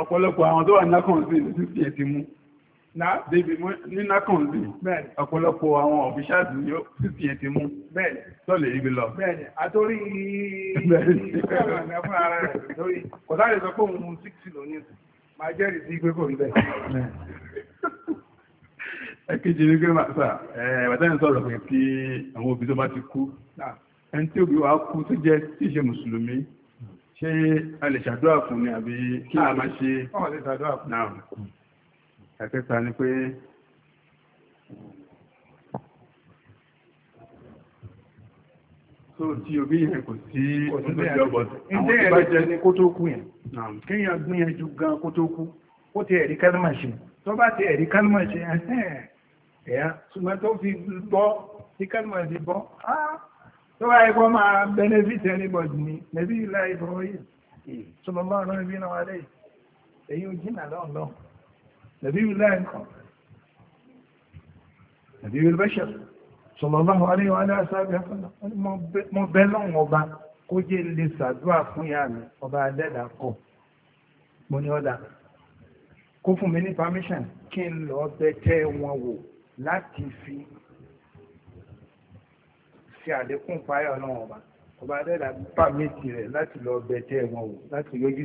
ọ̀pọ̀lọpọ̀ àwọn tó wà ní akọ̀ọ̀sí sísì ẹ̀ ti mú débi nínà kan lè ọ̀pọ̀lọpọ̀ àwọn ọ̀fíṣàtì ní fífi ẹ̀ ti mú tọ́lẹ̀ ibi lọ. bẹ́ẹ̀ni àtórí ìgbẹ̀rẹ̀ fún ara rẹ̀ lórí kò sáré sọ pé òun sixty ló ní máa jẹ́rìí sí pé kò ń bẹ̀. ẹ̀kejì ní gbẹ́mà sà ẹ̀ bàtẹ́ni sọ̀rọ̀ pé kí àwọn òbí tó bá ti kú ẹni tí òbí wa kú tó jẹ́ tí ì ṣe mùsùlùmí ṣé a lè ṣàdúrà fún ni àbí kí a máa ṣe. ọ̀ lè ẹ̀kẹta ni pé tó tí omi yẹn kò sí ọdún ìjọba àwọn tó bá jẹ́ ní kó tó kú yẹn kéèyàn gbìyànjú gan kó tó kú ó ti ẹ̀rí kálímà ṣe tó bá ti ẹ̀rí kálímà ṣe ẹ̀yà ṣùgbọ́n tó fi bọ́ tí kálímà ṣe bọ́ tó bá yẹ kó máa benefit anybody ni nàbí ilá ìbọn yìí sọlọ́mọ́ ọ̀rọ̀ ìbí náà wà lẹ́yìn èyí ò jìnnà lọ́nà lọ́nà. نبي الله القبر نبي البشر صلى الله عليه وعلى آله mo bẹ lọ́wọ́n ọba kó jẹ́ lè ṣàdúrà fún ìyá mi ọba adẹ́dà kọ mo ní ọ̀dà kó fún mi ní permission kí n lọ bẹ tẹ́ wọn wò láti fi ṣe àlékún páyà ọlọ́wọ́n ọba ọba adẹ́dà pàmìtì rẹ̀ láti lọ bẹ tẹ́ wọn wò láti yọjú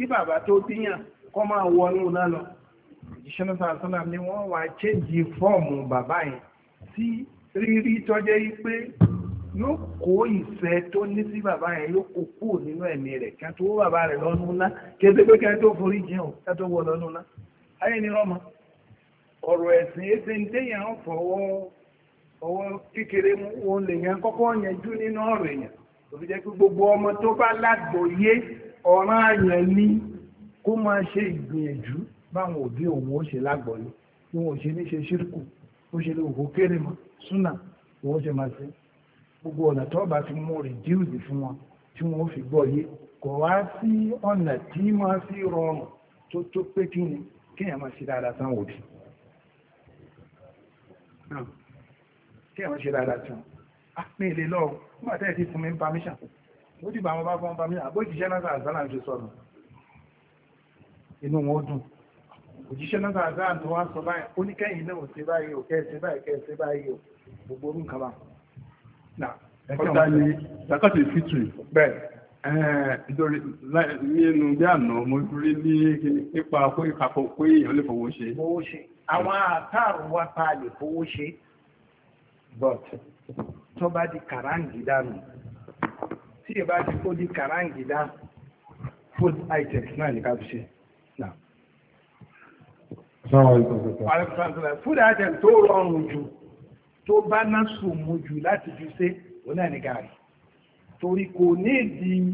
kí bàbá tó díyàn kọ́ máa wọnú náà lọ òjíṣẹ́ náà sàásánà ni wọ́n wá chéjì fọ́ọ̀mù bàbá yẹn sí rírí tọ́jẹ́ yí pé yóò kó ìfẹ́ tó ní sí bàbá yẹn yóò kó kúrò nínú ẹ̀mí rẹ̀ kí a tó wó bàbá rẹ̀ lọ́nu ńlá kí ẹ pé kí a tó forí jẹun kí a tó wọ lọ́nu ńlá ayé ni rọ́mọ ọ̀rọ̀ ẹ̀sìn ẹsẹ̀ ń téèyàn fọwọ́ ọwọ́ kékeré òun lèèyàn kọ́kọ́ yẹn jú nínú ọ̀rọ̀ èèyàn òfin jẹ́ pé gbogbo ọmọ tó bá lágbòóyé ọ̀ràn ayẹ̀ ní kó máa ṣe ìgbìyànjú báwọn òbí òun ó ṣe lágbọ̀ọ́lé bí wọn ò ṣe ní ṣe ṣírkù ó ṣe lè òkú kéré mọ́ súnà wọn ó ṣe máa ṣe gbogbo ọ̀nà tó bá ti mú rìdíùsì fún wọn tí wọn ó fi gbọ́ yé kò wá sí ọ̀nà tí máa fi rọrùn tó tó pé kí ni kéèyàn máa ṣe dáadáa sáwọn òbí kéèyàn máa ṣe dáadáa sí wọn á pín ilé lọ́wọ́ nígbà tẹ́ẹ̀ ti fún mi ń pamíṣàn ó dìbò àwọn bá fọ́n bá mi àbójíṣẹ́ náà sàásánà ṣe sọ̀rọ̀ inú wọn ó dùn òjíṣẹ́ náà sàásánà tó wá sọ báyìí ó ní kẹ́yìn náà ò ṣe báyìí ò kẹ́ẹ̀ báyìí kẹ́ẹ̀ báyìí ò gbogbo orú nǹkan bá ọ̀tá ni zakati fitri nínú bí àná mo rí ní nípa pé ìkàkọ̀ pé èèyàn lè fowó ṣe. fowó ṣe àwọn àtàrò but tó bá tí ìbá ti kó di kàráǹgìdá food items náà ní káàbù ṣe. food items tó rọrùn jù tó bá náà sùn mu jù láti fi ṣe òun náà ní gàrí torí kò ní ìdí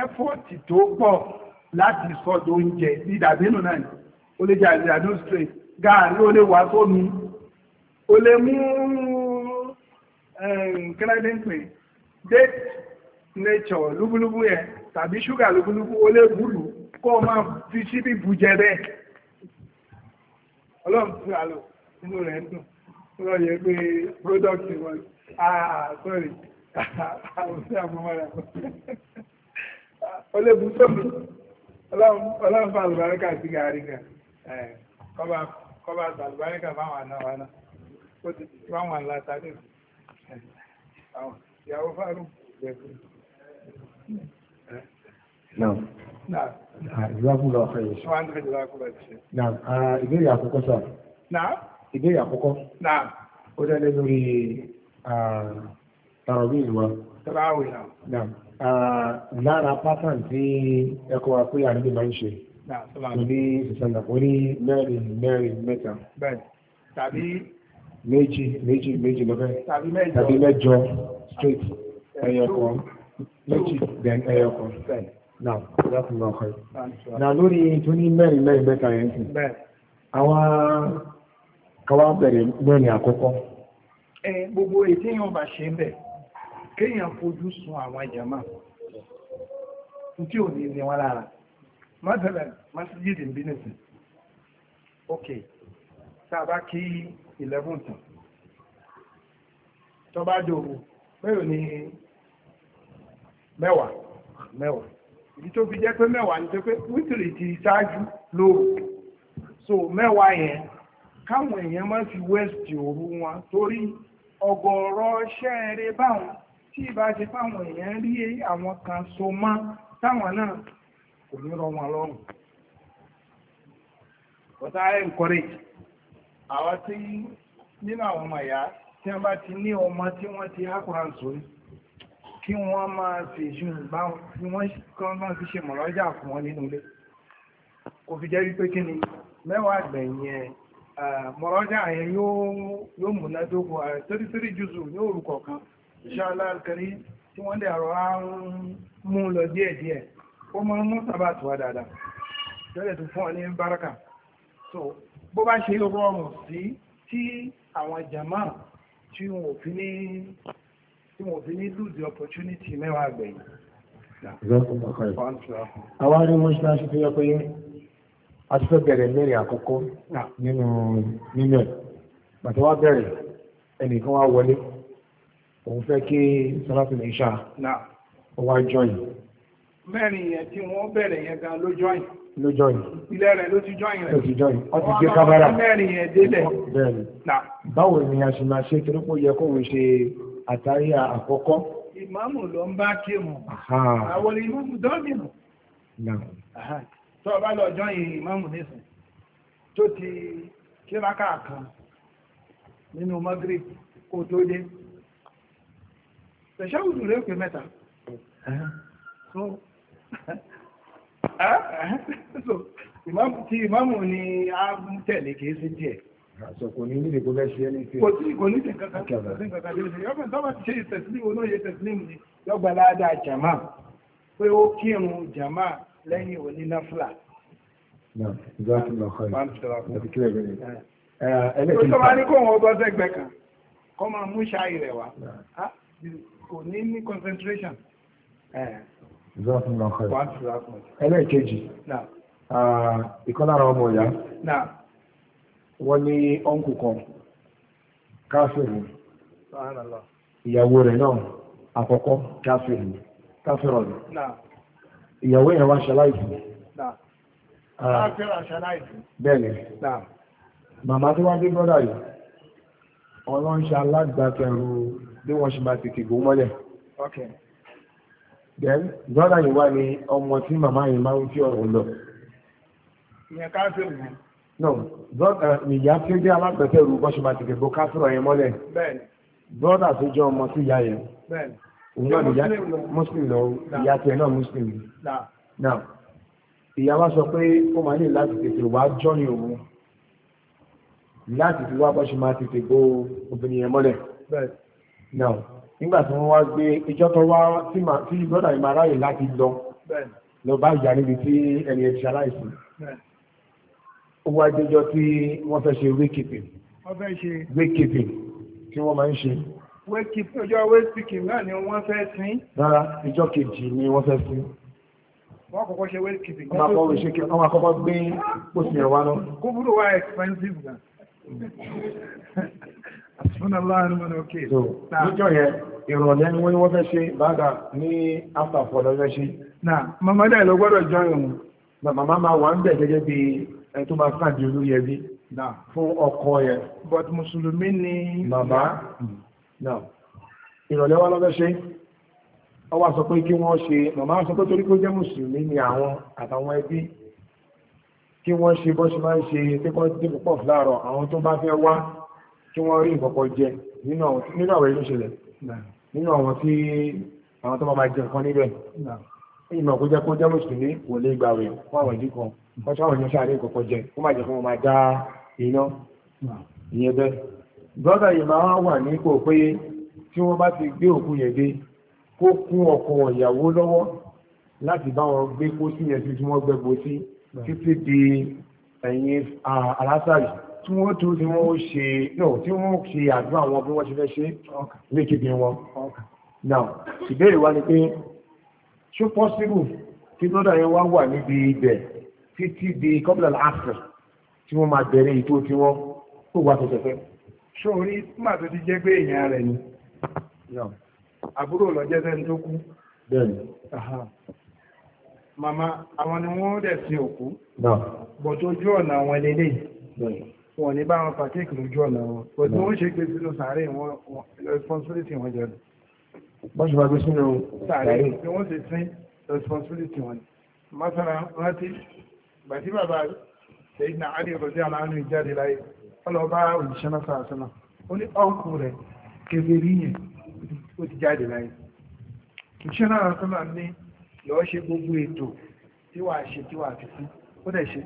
ẹ́fọ́ọ̀tì tó pọ̀ láti sọ́dọ̀ oúnjẹ ní ìdàbínú náà ó lè jẹ́ àdìdàdún straight gàrí ó lè wá sómi ó lè mú eh, kíládé date nature lúbúlúbú yẹn tàbí ṣúgà lúbúlúbú ó lè búlù kó o máa fi síbí bu jẹ bẹ́ẹ̀ ọlọ́run fún àlọ́ inú rẹ̀ ń dùn lọ yẹ pé product wọn ah sorry àwọn sí àmọ́mọ́ra ó lè bu sómi ọlọ́run fún àlùbáríkà sí gàrí kan kọ́ba àlùbáríkà fáwọn àna wa náà ó ti fáwọn àlàtà nìkan ìyàwó fáwọn ìgbẹ́kùn. náà ìgbàkúlọ̀ ọ̀fẹ́ yìí. náà ìbéèrè àkọ́kọ́ sọ. náà ìbéèrè àkọ́kọ́. náà ó dá lé lórí tàràwí ìwà. tàràwí náà. náà lára pátán tí ẹ̀kọ́ wa pé àníbí máa ń ṣe. Tàbí ìsànà ó straight méjì then ẹyọ kan náà láti mọ ọkọ yìí náà lórí tó ní mẹ́rin mẹ́rin mẹ́ta yẹn sí àwọn kọwá bẹ̀rẹ̀ mẹ́rin àkọ́kọ́. gbogbo ètí èèyàn bá ṣe ń bẹ̀ kéèyàn fojú sun àwọn jàmá tí ò ní ní wọn lára mọ́tẹ́lẹ̀ masjid ń bí nìsín ok tá kí eleven tán tó dòwò bẹ́ẹ̀ ni mẹ́wàá mẹ́wàá ìdí tó fi jẹ́ pé mẹ́wàá ni tó pé wítìrì ti ṣáájú lóru so mẹ́wàá yẹn káwọn èèyàn máa fi west òru wọn torí ọ̀gọ̀ọ̀rọ̀ ṣẹ́ẹ̀rẹ́ báwọn tí ìbá ṣe fáwọn èèyàn rí àwọn kan so mọ́ táwọn náà kò ní rọ wọn lọ́rùn àwọn tí nínú àwọn ọmọ tí wọ́n bá ti ní ọmọ tí wọ́n kí wọ́n máa fi ṣùgbọ́n tí wọ́n kọ́ máa fi ṣe mọ̀lọ́jà fún wọn nínú ilé kò fi jẹ́ wípé kí ni mẹ́wàá gbẹ̀yìn ẹ̀ mọ̀lọ́jà yẹn yóò múnádógó tírítírí jùzù ní orúkọ kan inshallah al-karim tí wọ́n dẹ̀ àrọ̀ á mú lọ díẹ̀díẹ̀ ó máa ń mú sábà tó wá dáadáa lọ́dẹ̀ tó fún ọ ní báràkà so bó bá ṣe rọrùn sí tí àwọn jàmáà tí wọn ò fi ní tí mo fi ní lose opportunity mẹ́wàá gbẹ̀yìn. Àwọn arí wọ́n ṣe láti fi yọ pé a ti fẹ́ bẹ̀rẹ̀ mẹ́rin àkọ́kọ́ nínú nínú ẹ̀. Bàtí wá bẹ̀rẹ̀ ẹnìkan wá wọlé, òun fẹ́ kí Sọ́látì lè ṣá ó wá jọyìn. Mẹ́rin yẹn tí wọ́n bẹ̀rẹ̀ yẹn gan ló jọyìn. Ló jọyìn. Ilé rẹ̀ ló ti jọyìn rẹ̀. Ló ti jọyìn. Wọ́n ti gbé kámẹ́rà. Mẹ́rin yẹn délẹ̀. Bẹ́ẹ̀ni. Báwo ni a ṣe máa ṣe torí pé ó yẹ kóun ṣe àtàrí àkọ́kọ́. Ìmáàmù ló ń bá kírun. Àwọn ìmáàmù dọ́ọ̀mìnà. Tó bá lọ jọ yìí ìmáàmù nísìn tó ti kíráká kan nínú Magrib kó tó dé. Tẹ̀sẹ́wùdù rẹ̀ pé mẹ́ta. (laughs) Ìmáàmù ni a tẹ̀lé kìí sí díẹ̀ àṣọkò ní nílé kó lẹ́ṣẹ́ ní kí. kò sí kò ní ṣe kankan kí ọ̀sẹ̀ kankan kí ló ṣe yọ̀bẹ̀ tó bá ti ṣe ìtẹ̀sílímù náà yẹ tẹ̀sílímù ni yọ̀gbà ládàá jàmá pé ó kírun jàmá lẹ́yìn òní náfìlà. náà ìjọba ti lọ kọ́ ẹ̀ àti kílẹ̀ bẹ̀rẹ̀. Eh. Eh, ẹlẹ́kìí tó bá ní kó wọn bọ́ sẹ́gbẹ́ kan kó máa mú ṣáì rẹ̀ wá ah, kò ní ní concentration. ìjọba eh. ah, ọmọ ìyá wọ́n ní ọ́nkù kan káfíìrì ìyàwó rẹ̀ náà àkọ́kọ́ káfíìrì káfíìrì ìyàwó yẹn wá ṣaláìsì ah. bẹ́ẹ̀ni màmá tó wá dé bọ́dà yìí ọlọ́nṣẹ́ alágbàtẹ̀rù bí wọ́n ṣe máa tètè gbó mọ́lẹ̀ then bọ́dà yìí wá ní ọmọ tí màmá yìí máa ń fi ọ̀rọ̀ lọ ìyẹn káfíìrì no uh, ìyá tí ó jẹ́ alápẹ̀tẹ̀ rú bọ́ṣù máa ti gẹ̀gbọ́ káfíọ̀ yẹn mọ́lẹ̀ brọ́dà tó jọ ọmọ sí ìyá yẹn òun náà ìyá muslim lọ ìyá tiẹ̀ náà muslim náà ìyá wa sọ pé ó máa ní láti tètè wá jọ́ ní òun láti fi wá bọ́ṣù máa ti gẹ̀gbọ́ obìnrin yẹn mọ́lẹ̀ náà nígbà tí wọ́n wá gbé ìjọ tó wá tí brọ́dà yìí máa ráyè láti lọ lọ bá ìyá níbi ó wá déjọ́ tí wọ́n fẹ́ ṣe wakekeeping wakekeeping tí wọ́n máa ń ṣe ọjọ́ wakekeeping náà ni wọ́n fẹ́ sin rárá ìjọ kejì ni wọ́n fẹ́ sin wọ́n kọ́kọ́ ṣe wakekeeping wọ́n kọ́kọ́ gbé pósí ẹ̀wá lọ kúbúrú wá expensive gan Níjọ́ yẹn, ìrọ̀lẹ́ ni wọ́n ní wọ́n fẹ́ ṣe bàdà ní after for lọ́fẹ́ ṣe. Náà, màmá dẹ̀ lọ gbọ́dọ̀ jọ ìrùn. Màmá máa wà ń bẹ̀ gẹ́gẹ́ bí ẹ tó máa fàdí olóyè bí fún ọkọ yẹ. but mùsùlùmí ni. bàbá hmm. ìrọ̀lẹ́ wa lọ́fẹ́ ṣe ọwọ́ sọ pé kí wọ́n ṣe màmá sọ pé torí pé ó jẹ́ mùsùlùmí ni àwọn àtàwọn ẹbí kí wọ́n ṣe bọ́ ṣe máa ń ṣe pípọ́ dípò pọ̀ láàárọ̀ àwọn tó bá fẹ́ wá kí wọ́n rí ìkọ̀kọ̀ jẹ nínú àwọn ìlú ṣẹlẹ̀ nínú àwọn tí àwọn tó bá máa jẹ nǹkan níbẹ̀ ìmọ̀ kó jẹ́ kó jẹ́ mùsùlùmí kò lè gbà wẹ̀ fún àwọn ìdí kan wọ́n tún àwọn èèyàn sáré kọ̀kọ́ jẹ kó má jẹ́ fún wọn máa dá iná ìyẹn bẹ́ẹ̀. brọ́dà yìí máa wà ní kò pé tí wọ́n bá ti gbé òkú yẹn dé kó kún ọkọ ìyàwó lọ́wọ́ láti bá wọn gbé kó sí yẹn sí tí wọ́n gbẹ bó sí títí di ẹ̀yìn alásàrì tí wọ́n tún tí wọ́n ṣe náà tí wọ́n ṣe àdúrà wọn bí wọ́n ṣe fẹ́ ṣe lékèké wọn. now ìbéèrè wa ni pé ṣó pọ́sibù kí brọ́dà yẹn wá wà níbi ibẹ̀ títí di kọ́bílà láàfẹ́ tí wọ́n máa bẹ̀rẹ̀ ètò tí wọ́n kó wá tẹ̀tẹ̀ fẹ́. ṣó rí má tó ti jẹ́ pé èèyàn rẹ̀ ni àbúrò lọ́jẹ́ sẹ́ni tó kú. bẹ́ẹ̀ni. màmá àwọn ni wọ́n dẹ̀ sin òkú. bọ̀tọ̀ ojú ọ̀nà àwọn eléyìí wọ́n ní bá wọn pàtẹ́kì lójú ọ̀nà wọn. bọ̀tọ̀ wọ́n ṣe gbé sínú sàárè wọn responsibility wọn wọ́n ṣe máa gbé sínú sàárè ni wọ́n ṣe sin responsibility na adé rọ̀dí aláàánú ìjáde láyé ọlọ́ba òjíṣẹ́ náà sàásánà ó ní ọ̀nkù rẹ̀ kébèrè yẹn ó ti jáde láyé òjíṣẹ́ náà sàásánà ní lọ́ọ́ ṣe gbogbo ètò tí wàá ṣe tí wàá fi sí ó dẹ̀ ṣe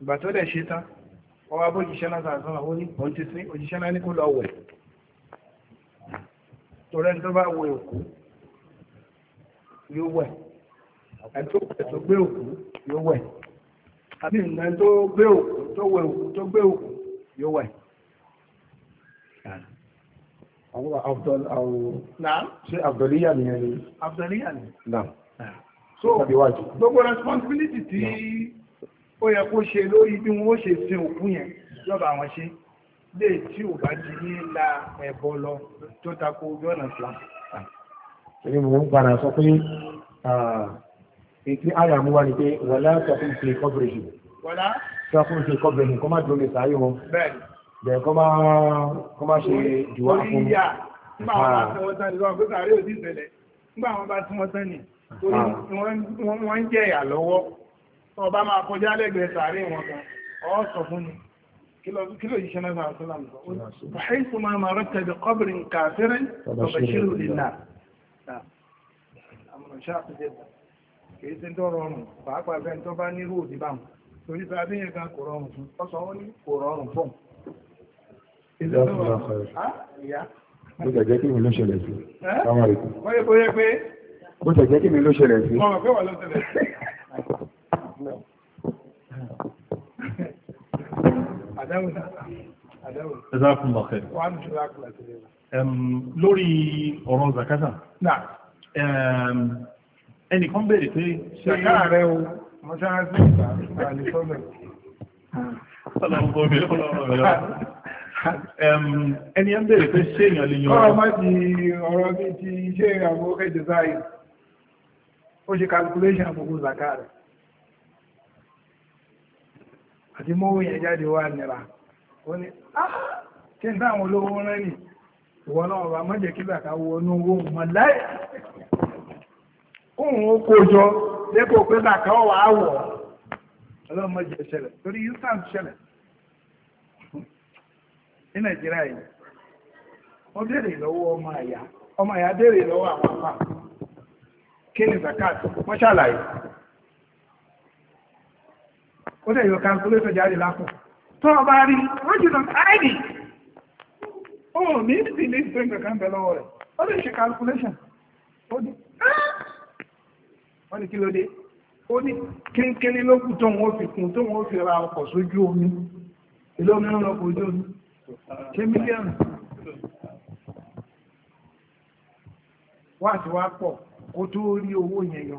ìgbà tó dẹ̀ ṣe tán ọwọ́ abójíṣẹ́ náà sàásánà ó ní òjíṣẹ́ náà kó lọ wẹ̀ torí ẹni tó bá wẹ òkú yóò wẹ̀ ẹni tó wẹ̀ tó gbé òkú yóò wẹ̀ àbí ẹni tó gbé òkú tó wẹ̀ òkú tó gbé òkú yóò wẹ̀. Àwọn àbdọ̀l àwọn ṣe àbdọ̀líyà ni ẹni. Àbdọ̀líyà ni. Náà. So gbogbo responsibility tí ó yẹ kó ṣe lórí bí wọ́n ṣe sin òkú yẹn yọba àwọn ṣe lè tí ò bá ti ní la ẹ̀bọ lọ tó tako ojú ọ̀nà Islam. Èmi mò ń padà sọ pé ètí àyà mú wa ni pé wọlá sọkún ṣe kọ́bìrì jù. Wọlá sọkún ṣe kọ́bìrì jù kọ́ máa dúró lè sáyé wọn. Bẹ́ẹ̀ni. Bẹ́ẹ̀ kọ́ máa kọ́ máa ṣe ìdíwọ́ fún. Orí yà nígbà wọn bá ah. tún tán ni wọn gbé sàárè òdì ìṣẹ̀lẹ̀ nígbà wọn bá tún tán ni torí ah. wọn ń jẹ̀yà lọ́wọ́ tó bá máa kọjá lẹ́gbẹ̀ẹ́ sàárè wọn kan ọ̀ sọ fún ni kílò yìí ṣẹlẹ̀ náà sọ́lá nǹkan ó ṣàìsù máa máa rẹ̀ tẹ̀lé kọ́bìrin kàfẹ́rẹ́ ọ̀bẹ̀ṣirò lìlà àmọ̀ ṣáàpùjẹ́ kìí ṣe tó rọrùn pàápàá bẹ́ẹ̀ tó bá ní rúòdì bá wọn torí pé abẹ́yẹn kan kò rọrùn fún ọsọ wọn ní kò rọrùn fún. Ah, bó tẹ̀ jẹ́ kí mi ló ṣẹlẹ̀ sí. Eh? Bó tẹ̀ jẹ́ kí mi ló ṣẹlẹ̀ sí. (laughs) lórí ọ̀rọ̀ zakata ẹnìkan bèèrè pé ṣàkà rẹ̀ o mọ́ṣáráṣí ìgbà àlìsọ́bẹ̀ ẹni ẹ ń bèèrè pé ṣé èèyàn lè yan ọ̀rọ̀ má ti ọ̀rọ̀ bí ti ṣe àwọn ẹjọ́ báyìí ó ṣe calculation àkókò zakata rẹ̀ àti mọ́wó yẹn jáde wá nira ó ní ṣe ń táwọn olówó rán ní ìwọ náà wà mọ́jẹ̀ kí bàtà wọnú owó mọ̀ láì kóhùn ó kó jọ dépò pé bàtà wà á wọ̀ ọlọ́run mọ́jẹ̀ ṣẹlẹ̀ torí yusuf ṣẹlẹ̀ ní nàìjíríà yìí wọ́n béèrè lọ́wọ́ ọmọ àyà ọmọ àyà béèrè lọ́wọ́ àwọn apá kí ni zakat wọ́n kó dẹ̀ yọ calculator jáde lápò tó o bá rí rọ́jù lọ káàdì ó ní sí ní ìsìnkú kankan bẹ lọ́wọ́ rẹ̀ ó lè ṣe calculation ó ní wọ́n ah! kí ló dé ó ní kínkínní ló tó wọ́n fi kún tó wọ́n fi ra ọkọ̀ sójú omi ìlú omi ń lọ ojú omi ṣé mílíọ̀nù wá àti wá pọ̀ kó tó rí owó yẹn yọ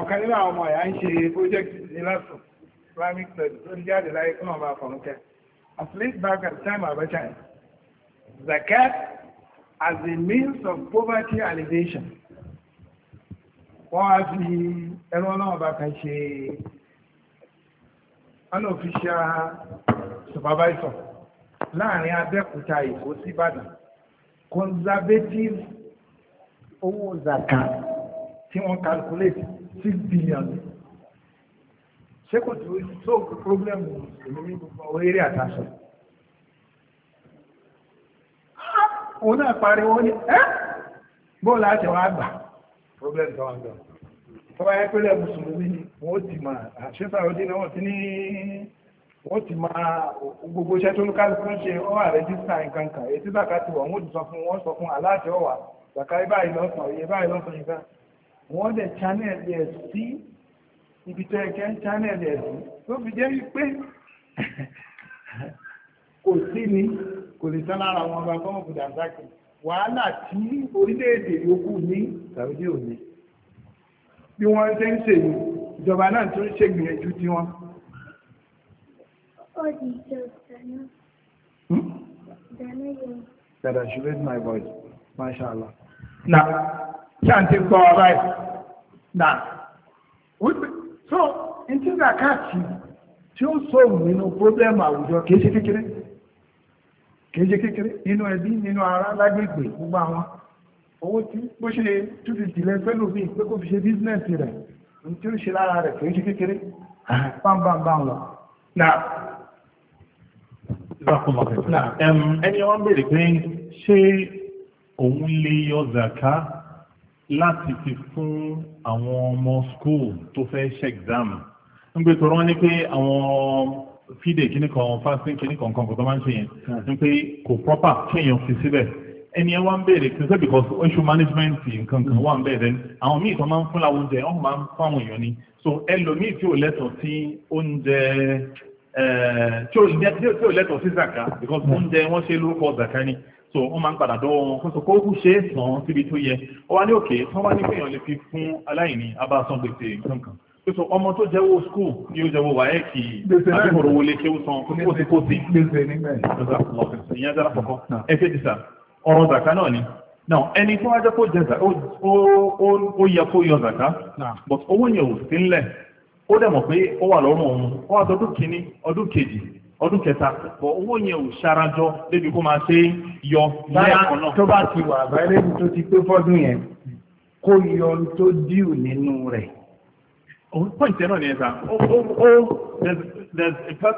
ọ̀kan nínú àwọn ọmọ ẹ̀yà ń ṣe project nílásùn islamic studies ló ń jáde láyé kí back at the time of Abacha zakat as a means of poverty alleviation wọ́n á fi ẹ̀rọ náà bá kan ṣe unofficial supervisor láàrin Abẹ́òkúta Èkó síbàdàn conservative owó zakat tí wọ́n calculate six billion ṣé kò tó tó problem èmi ní gbogbo eré àtàṣọ. òun náà pariwo ní ẹ́ bóòlù àti wàá gbà problem tó wà gbà tọ́ba yẹ pé lẹ́ mùsùlùmí ni wọ́n ti máa àṣẹ́sà òdì náà wọ́n ti ní wọ́n ti máa gbogbo iṣẹ́ tó ń kálukú ṣe ọ́ àrẹ́jísítà nǹkan kan èyí tí bàkà ti wọ̀ wọ́n ti sọ fún wọ́n sọ fún aláàtì ọ̀wà bàkà ibà ìlọ́sàn iye báyìí lọ́sàn wọ́n dẹ̀ channel ẹ̀ sí ibi tó ẹ̀kẹ́ channel ẹ̀ sí tó fi jẹ́ wípé kò sí ni kò lè tán lára wọn bá fọ́mọ̀ kùdà sáàkì wàhálà tí orílẹ̀-èdè yòókù ní Saudi òní bí wọ́n ṣe ń ṣe ìjọba náà tó ń ṣe gbìyànjú tí wọ́n. ó di ìjọba náà. Hmm? Dada, she raised my voice. Allah. Now, ṣàǹtí gbọ́ ọ̀rá ẹ̀ náà wípé so n tí zakati tí ó sóhùn nínú pọ́blẹ́mù àwùjọ kìí ṣe kékeré kìí ṣe kékeré nínú ẹbí nínú ará lágbègbè gbogbo àwọn owó tí bó ṣe two fifty lẹ́gbẹ́ lómi pé kò fi ṣe bísínẹ́sì rẹ̀ n tí ó ṣe lára rẹ̀ kìí ṣe kékeré bámbámbám lọ. náà ẹni wọn béèrè pé ṣé òun lè yọ zaka láti fi fún àwọn ọmọ school tó fẹ́ ṣe exam ń gbé tọrọ ní pé àwọn fídè kíní kan fasting kíní kan kan kò tó máa ń ṣe yẹn ń hmm. pé kò proper kéèyàn fi síbẹ̀ ẹni ẹ wá ń béèrè kí n sẹ́ because oṣù management nǹkan kan hmm. wà ń bẹ̀rẹ̀ àwọn míì tó máa ń fún la oúnjẹ wọ́n máa ń fáwọn èèyàn ni so ẹlòmíì tí ò lẹ́tọ̀ọ́ sí oúnjẹ eh, tí ò lẹ́tọ̀ọ́ sí zaka because hmm. oúnjẹ wọ́n ṣe lórúkọ zaka ni so wọ́n máa ń padà dọ́wọ́ wọn kó so kú ṣe é sàn síbi tó yẹ ó wá ní òkè tí wọ́n wá ní péyàn lè fi fún aláìní abáṣán gbèsè nǹkan kan so ọmọ tó jẹ́wọ́ skul ni ó jẹ́wọ́ wáyé kì í àbíkòrò wọlé kí ó san kó sí kó sí ìyẹn dára kọ̀kọ́ ẹ fẹ́ dìsa ọ̀rọ̀ zaka náà ni now ẹni tó wá jẹ́ kó jẹ zaka ó yẹ kó yọ zaka but owó yẹn ò sí ńlẹ̀ ó dẹ̀ mọ̀ pé ó wà lọ́rùn òun ó wà tọdún kìíní ọdún kejì ọdún kẹta bọ̀ owó yẹn ò ṣarajọ débi kó máa ṣe yọ lẹ́ẹ̀kan náà. tó bá ti wà àbáyé tó ti pé fọ́dún yẹn kó yọ tó díù nínú rẹ̀. òun pọ́ǹtì náà ni ẹ̀ta ó ó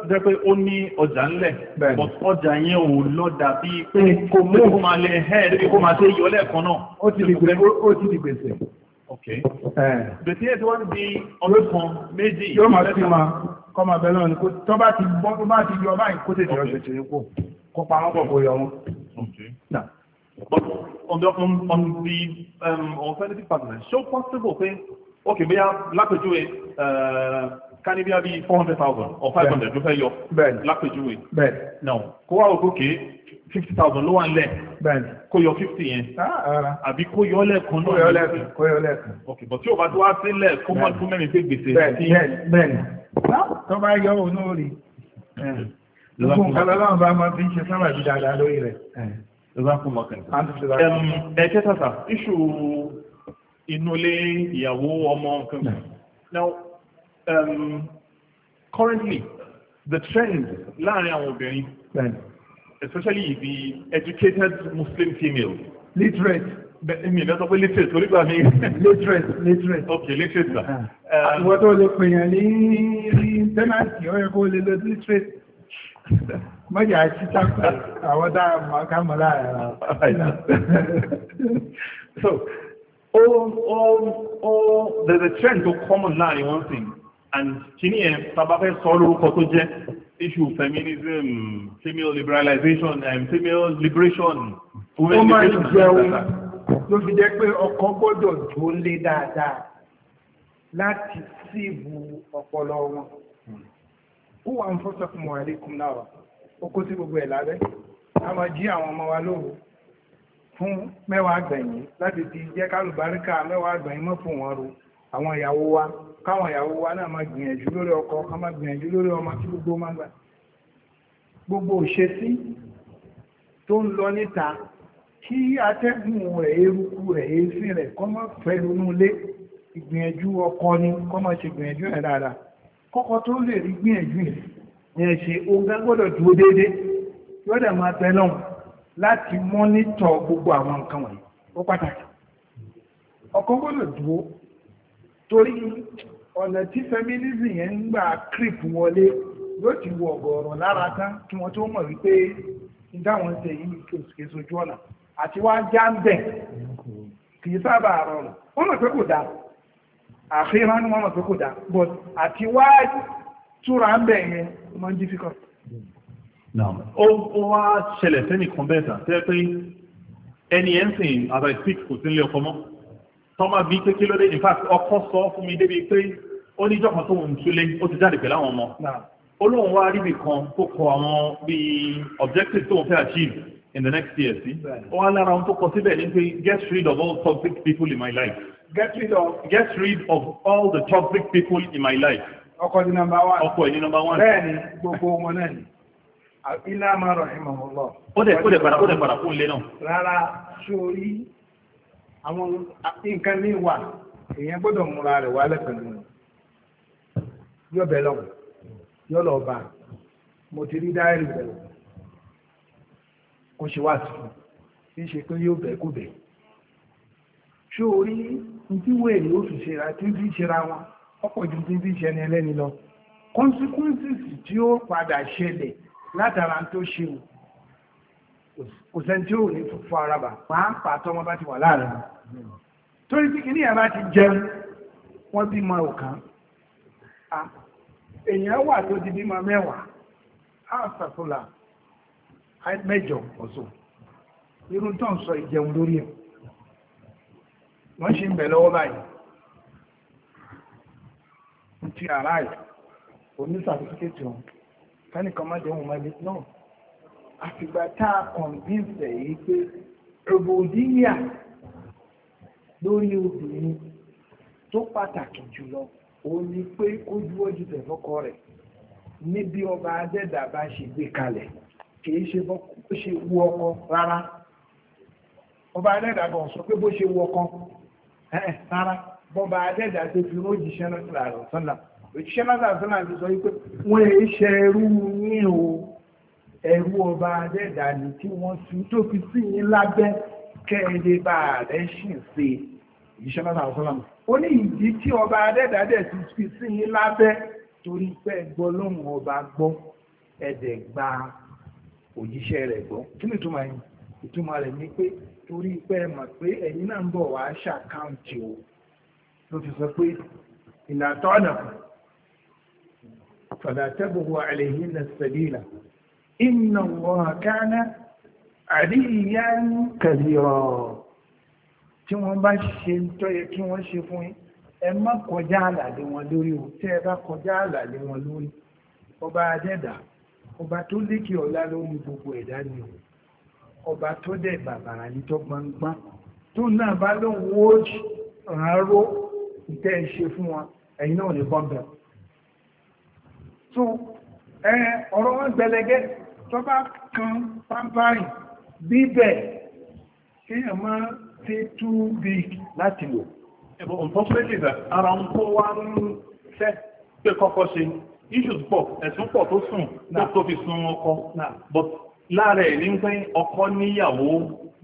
jẹ́ pé ó ní ọjà ńlẹ̀ but ọjà yẹn ò lọ́dà bíi pé kó máa lè hẹ́ẹ̀ débi kó máa ṣe yọ lẹ́ẹ̀kan náà. ó ti di gbèsè. Bètí ètò wọ́n di ọdún kan méjì. Yóò máa fi máa kọ́ máa bẹ̀rẹ̀ náà ni kó tọ́ bá ti bọ́ tó bá ti yọ báyìí kó tètè ọ̀ṣẹ̀ tètè kó kó pa wọ́n pọ̀ kó yọ wọn. On the on, on the um, alternative partner, ṣó possible pé ok bóyá lápèjúwe uh, ká ní bíyà bíi four hundred thousand or five hundred ló fẹ́ yọ lápèjúwe. Bẹ́ẹ̀. Now kó wá òkú kéé fifty thousand ló wà ń lẹ̀ kó yọ fifty yẹn ah, àbí kó yọ lẹ́ẹ̀kan náà kó yọ lẹ́ẹ̀kan kó yọ lẹ́ẹ̀kan ok but tí o bá tó wá sílẹ̀ kó mọ́ tó mẹ́rin pé gbèsè sí i. bẹ́ẹ̀ni ah. tó bá yọ òun ó rí eh. gbogbo nǹkan lọ́wọ́ bá máa fi ń ṣe sábà bí dáadáa lórí rẹ̀. Eh. ẹ̀kẹ́ tàtà iṣu inúlé ìyàwó ọmọ nǹkan now um, currently the trend láàrin àwọn obìnrin especially the educated Muslim female. Literate. Mi ìbẹ́ sọ pé literate torí gbà mí. Literate, literate. Okay, literate sir. Ah. Uh, àwọn tó lè pèèyàn ní tẹ́nàtì ọ̀rẹ́ kó lè lọ literate. Mọ́jà àti sáfà àwọn dá àmọ́ láàárá. So, all, all, all, there's a trend to common now one thing. And kìíní ẹ̀ tàbá fẹ́ sọ lórúkọ tó jẹ́ issue feminism, female liberalization, and um, female liberation. Ó máa ń jẹun ló fi jẹ́ pé ọkọ gbọ́dọ̀ tó lé dáadáa láti síìbù ọpọlọ wọn. Ó wà ń fọ́sọ̀ fún Mọ̀hálí Kùnláwà, ó kó sí gbogbo ẹ̀ lábẹ́. A máa jí àwọn ọmọ wa lóru fún mẹ́wàá gbẹ̀yìn láti ti jẹ́ kálùbáríkà mẹ́wàá gbẹ̀yìn mọ́ fún wọn ro àwọn ìyàwó wa káwọn ìyàwó wa náà máa gbìyànjú lórí ọkọ ká máa gbìyànjú lórí ọmọ tí gbogbo máa gbà gbogbo òṣèṣí tó ń lọ níta kí atẹ́gùn rẹ̀ eruku rẹ̀ èéfín rẹ̀ kọ́ máa fẹ́ lé ìgbìyànjú ọkọ ni kọ́ máa ṣe gbìyànjú rẹ̀ dáadáa kọ́kọ́ tó lè rí gbìyànjú yẹn ṣe oga gbọ́dọ̀ dúró déédéé yóò dẹ̀ máa bẹ lọ́hùn láti mọ́nítọ̀ gbogbo àwọn nǹkan wọ̀nyí ó pàtàkì ọkọ gbọ́dọ̀ dúró torí ọ̀nà tí feminism yẹn ń gbà creep wọlé yóò ti wọ ọ̀gọ̀ọ̀rọ̀ lára tán kí wọ́n tó mọ̀ wípé ìdáwọn ṣe yìí kèsò ojú ọ̀nà àti wá já ń bẹ̀ kì í sábà rọrùn wọ́n mọ̀ pé kò dáa àfihàn ni wọ́n mọ̀ pé kò dáa but àti wá túra ń bẹ̀ yẹn máa ń difficult. ó wá ṣẹlẹ̀ sẹ́nìkan bẹ́ẹ̀ tà tẹ́ pé ẹni ẹ̀ ń sìn àbẹ̀síkì kò sí ilé ọkọ mọ́ tọ́mọ bíi pé kí ló dé in fact ọkọ sọ fún mi débi pé ó ní ìjọkan tó ń túlé ó ti jáde pẹ̀lú àwọn ọmọ olóhùn wá ríbi kan tó kọ àwọn bíi objectives tó ń fẹ́ achieve in the next year sí ó wá lára ohun tó kọ síbẹ̀ ní pé get rid of all toxic people in my life get rid of get rid of all the toxic people in my life ọkọ ní nọ́mbà one ọkọ ní nọ́mbà one bẹ́ẹ̀ ni gbogbo wọn náà ni ilé àmàrọ̀ ìmọ̀ ọ̀lọ́ ó dẹ̀ padà kó lé náà rárá sórí àwọn nǹkan ní wà èèyàn gbọ́dọ̀ múra rẹ̀ wálẹ̀ pẹ̀lú rẹ̀ yọ bẹ̀ lọ́wọ́ Yọ lọ bá mo ti rí dáírì rẹ̀ kó ṣe tuntun kí ṣe pé yóò bẹ̀ kó ṣó orí ju tí fi ṣẹni lọ consequences tí ó padà látara tó ṣe torí pé kìíní yàrá ti jẹun wọ́n bímọ ọ̀kan èèyàn wà tó di bímọ mẹ́wàá àṣàtúnlà mẹ́jọ ọ̀sọ̀ irun tó ń sọ ìjẹun lórí ẹ̀ wọ́n ṣe ń bẹ̀ lọ́wọ́ báyìí ti ara ẹ̀ oní sàtífíkẹ́tì wọn fẹ́ni kan má jẹun mẹ́lẹ̀ náà àfìgbà tá a kọ̀ǹpínsẹ̀ yìí pé rògbòdìyà lórí obìnrin tó pàtàkì jùlọ òun ni pé kó dúró ju tẹ̀fọ́kọ rẹ̀ níbi ọba adẹ́dà bá ṣe gbé kalẹ̀ kìí ṣe bó ṣe wu ọkọ rárá ọba adẹ́dà bọ̀ sọ pé bó ṣe wu ọkọ rárá bọ́ba adẹ́dà tó fi rójìṣẹ́ náà sọ́nà òṣìṣẹ́ náà sọ́nà ti sọ wípé wọ́n èé ṣe ẹrú yín o ẹrú ọba adẹ́dà ni tí wọ́n tó fi sí yín lábẹ́ kẹ́ẹ̀dẹ́ bá rẹ̀ ṣì ń ṣe ìṣẹ́lá náà sọ́lọ́mù ó ní ìdí tí ọba adẹ́dàdẹ́ ti fi sí yín lábẹ́ torí pé gbọ́ lóhùn ọba gbọ́ ẹ̀dẹ̀ gba òjíṣẹ́ rẹ̀ gbọ́ kí ni ìtumọ̀ yẹn ìtumọ̀ rẹ̀ ni pé torí pé mọ̀ pé ẹ̀yin náà ń bọ̀ wá ṣàkáǹtì o ló fi sọ pé ìlàtọ́ ọ̀nà fàdàtẹ́bùwọ̀ àlẹ́yìn náà sẹ́lẹ̀ ìlà inna Allah àríyá ń kẹ̀lẹ̀rọ̀ tí wọ́n bá ṣe tó yẹ kí wọ́n ṣe fún ẹ má kọjá àlàlé wọn lórí o tẹ́ ẹ bá kọjá àlàlé wọn lórí ọba adẹ́dà ọba tó lékè ọlá lórí gbogbo ẹ̀dá ni o ọba tó dẹ̀ bàbàrà ní tó gbangba tó náà bá lóun ó ràn ró ìtẹ́ ẹ ṣe fún wọn ẹ̀yin náà ní bọ́m̀bẹ̀ so ọ̀rọ̀ wọn gbẹlẹgẹ tó bá kan pampa bíbẹ̀ kí ẹ má ti tú bí láti lò ẹ̀bọ̀ unfortunately ara ń kó wá ń fẹ́ pé kọ́kọ́ ṣe issues pọ̀ ẹ̀sùn pọ̀ tó sùn tó fi sun ọkọ but lára ẹ̀ ní pé ọkọ níyàwó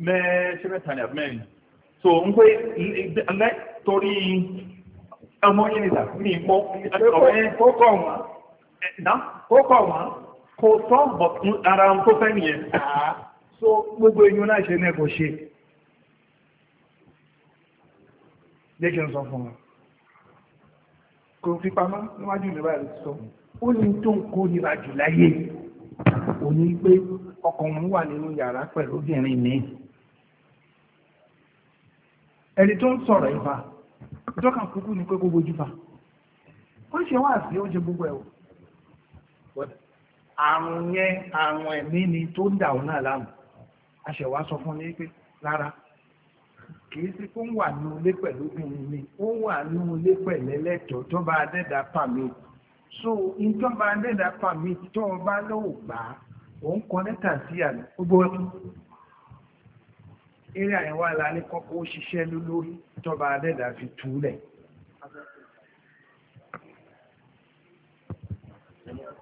mẹ́ṣẹ́mẹ́ta ní àbẹ́rin so ń pé torí ọmọ yẹn nígbà ní ìpọ́ kókọ̀ wọn kò tọ́ but ara ń tó fẹ́ nìyẹn so gbogbo èyí náà ṣe náà kò ṣe lẹ́kẹ̀ẹ́ sọ fún wọn kò fi pamọ́ níwájú ìlú báyìí sọ ó ní tó ń kó nira jù láyé ò ní pé ọkùnrin wà nínú yàrá pẹ̀lú obìnrin mi ẹni tó ń sọ̀rọ̀ ìfà ìjọ́kàn kúkú ni pé kó bójú fa ó ṣe wá sí oúnjẹ gbogbo ẹ̀ àrùn yẹn àrùn ẹ̀mí ni tó ń dà ọ́ náà láàmú àṣẹwà sọ fún ní pé lára kìí sí kó ń wà ní ilé pẹ̀lú obìnrin mi ó wà ní ilé pẹ̀lú ẹlẹ́tọ̀ọ́ tó bá dẹ́dà pàmì so nǹkan bá dẹ́dà pàmì tó o bá lọ́wọ́ gbà á òun kọ lẹ́tà sí àná gbogbo ẹkùn eré àyẹ̀wò àlá ní kọ́kọ́ ó ṣiṣẹ́ lórí tó bá dẹ́dà fi túlẹ̀. Thank you.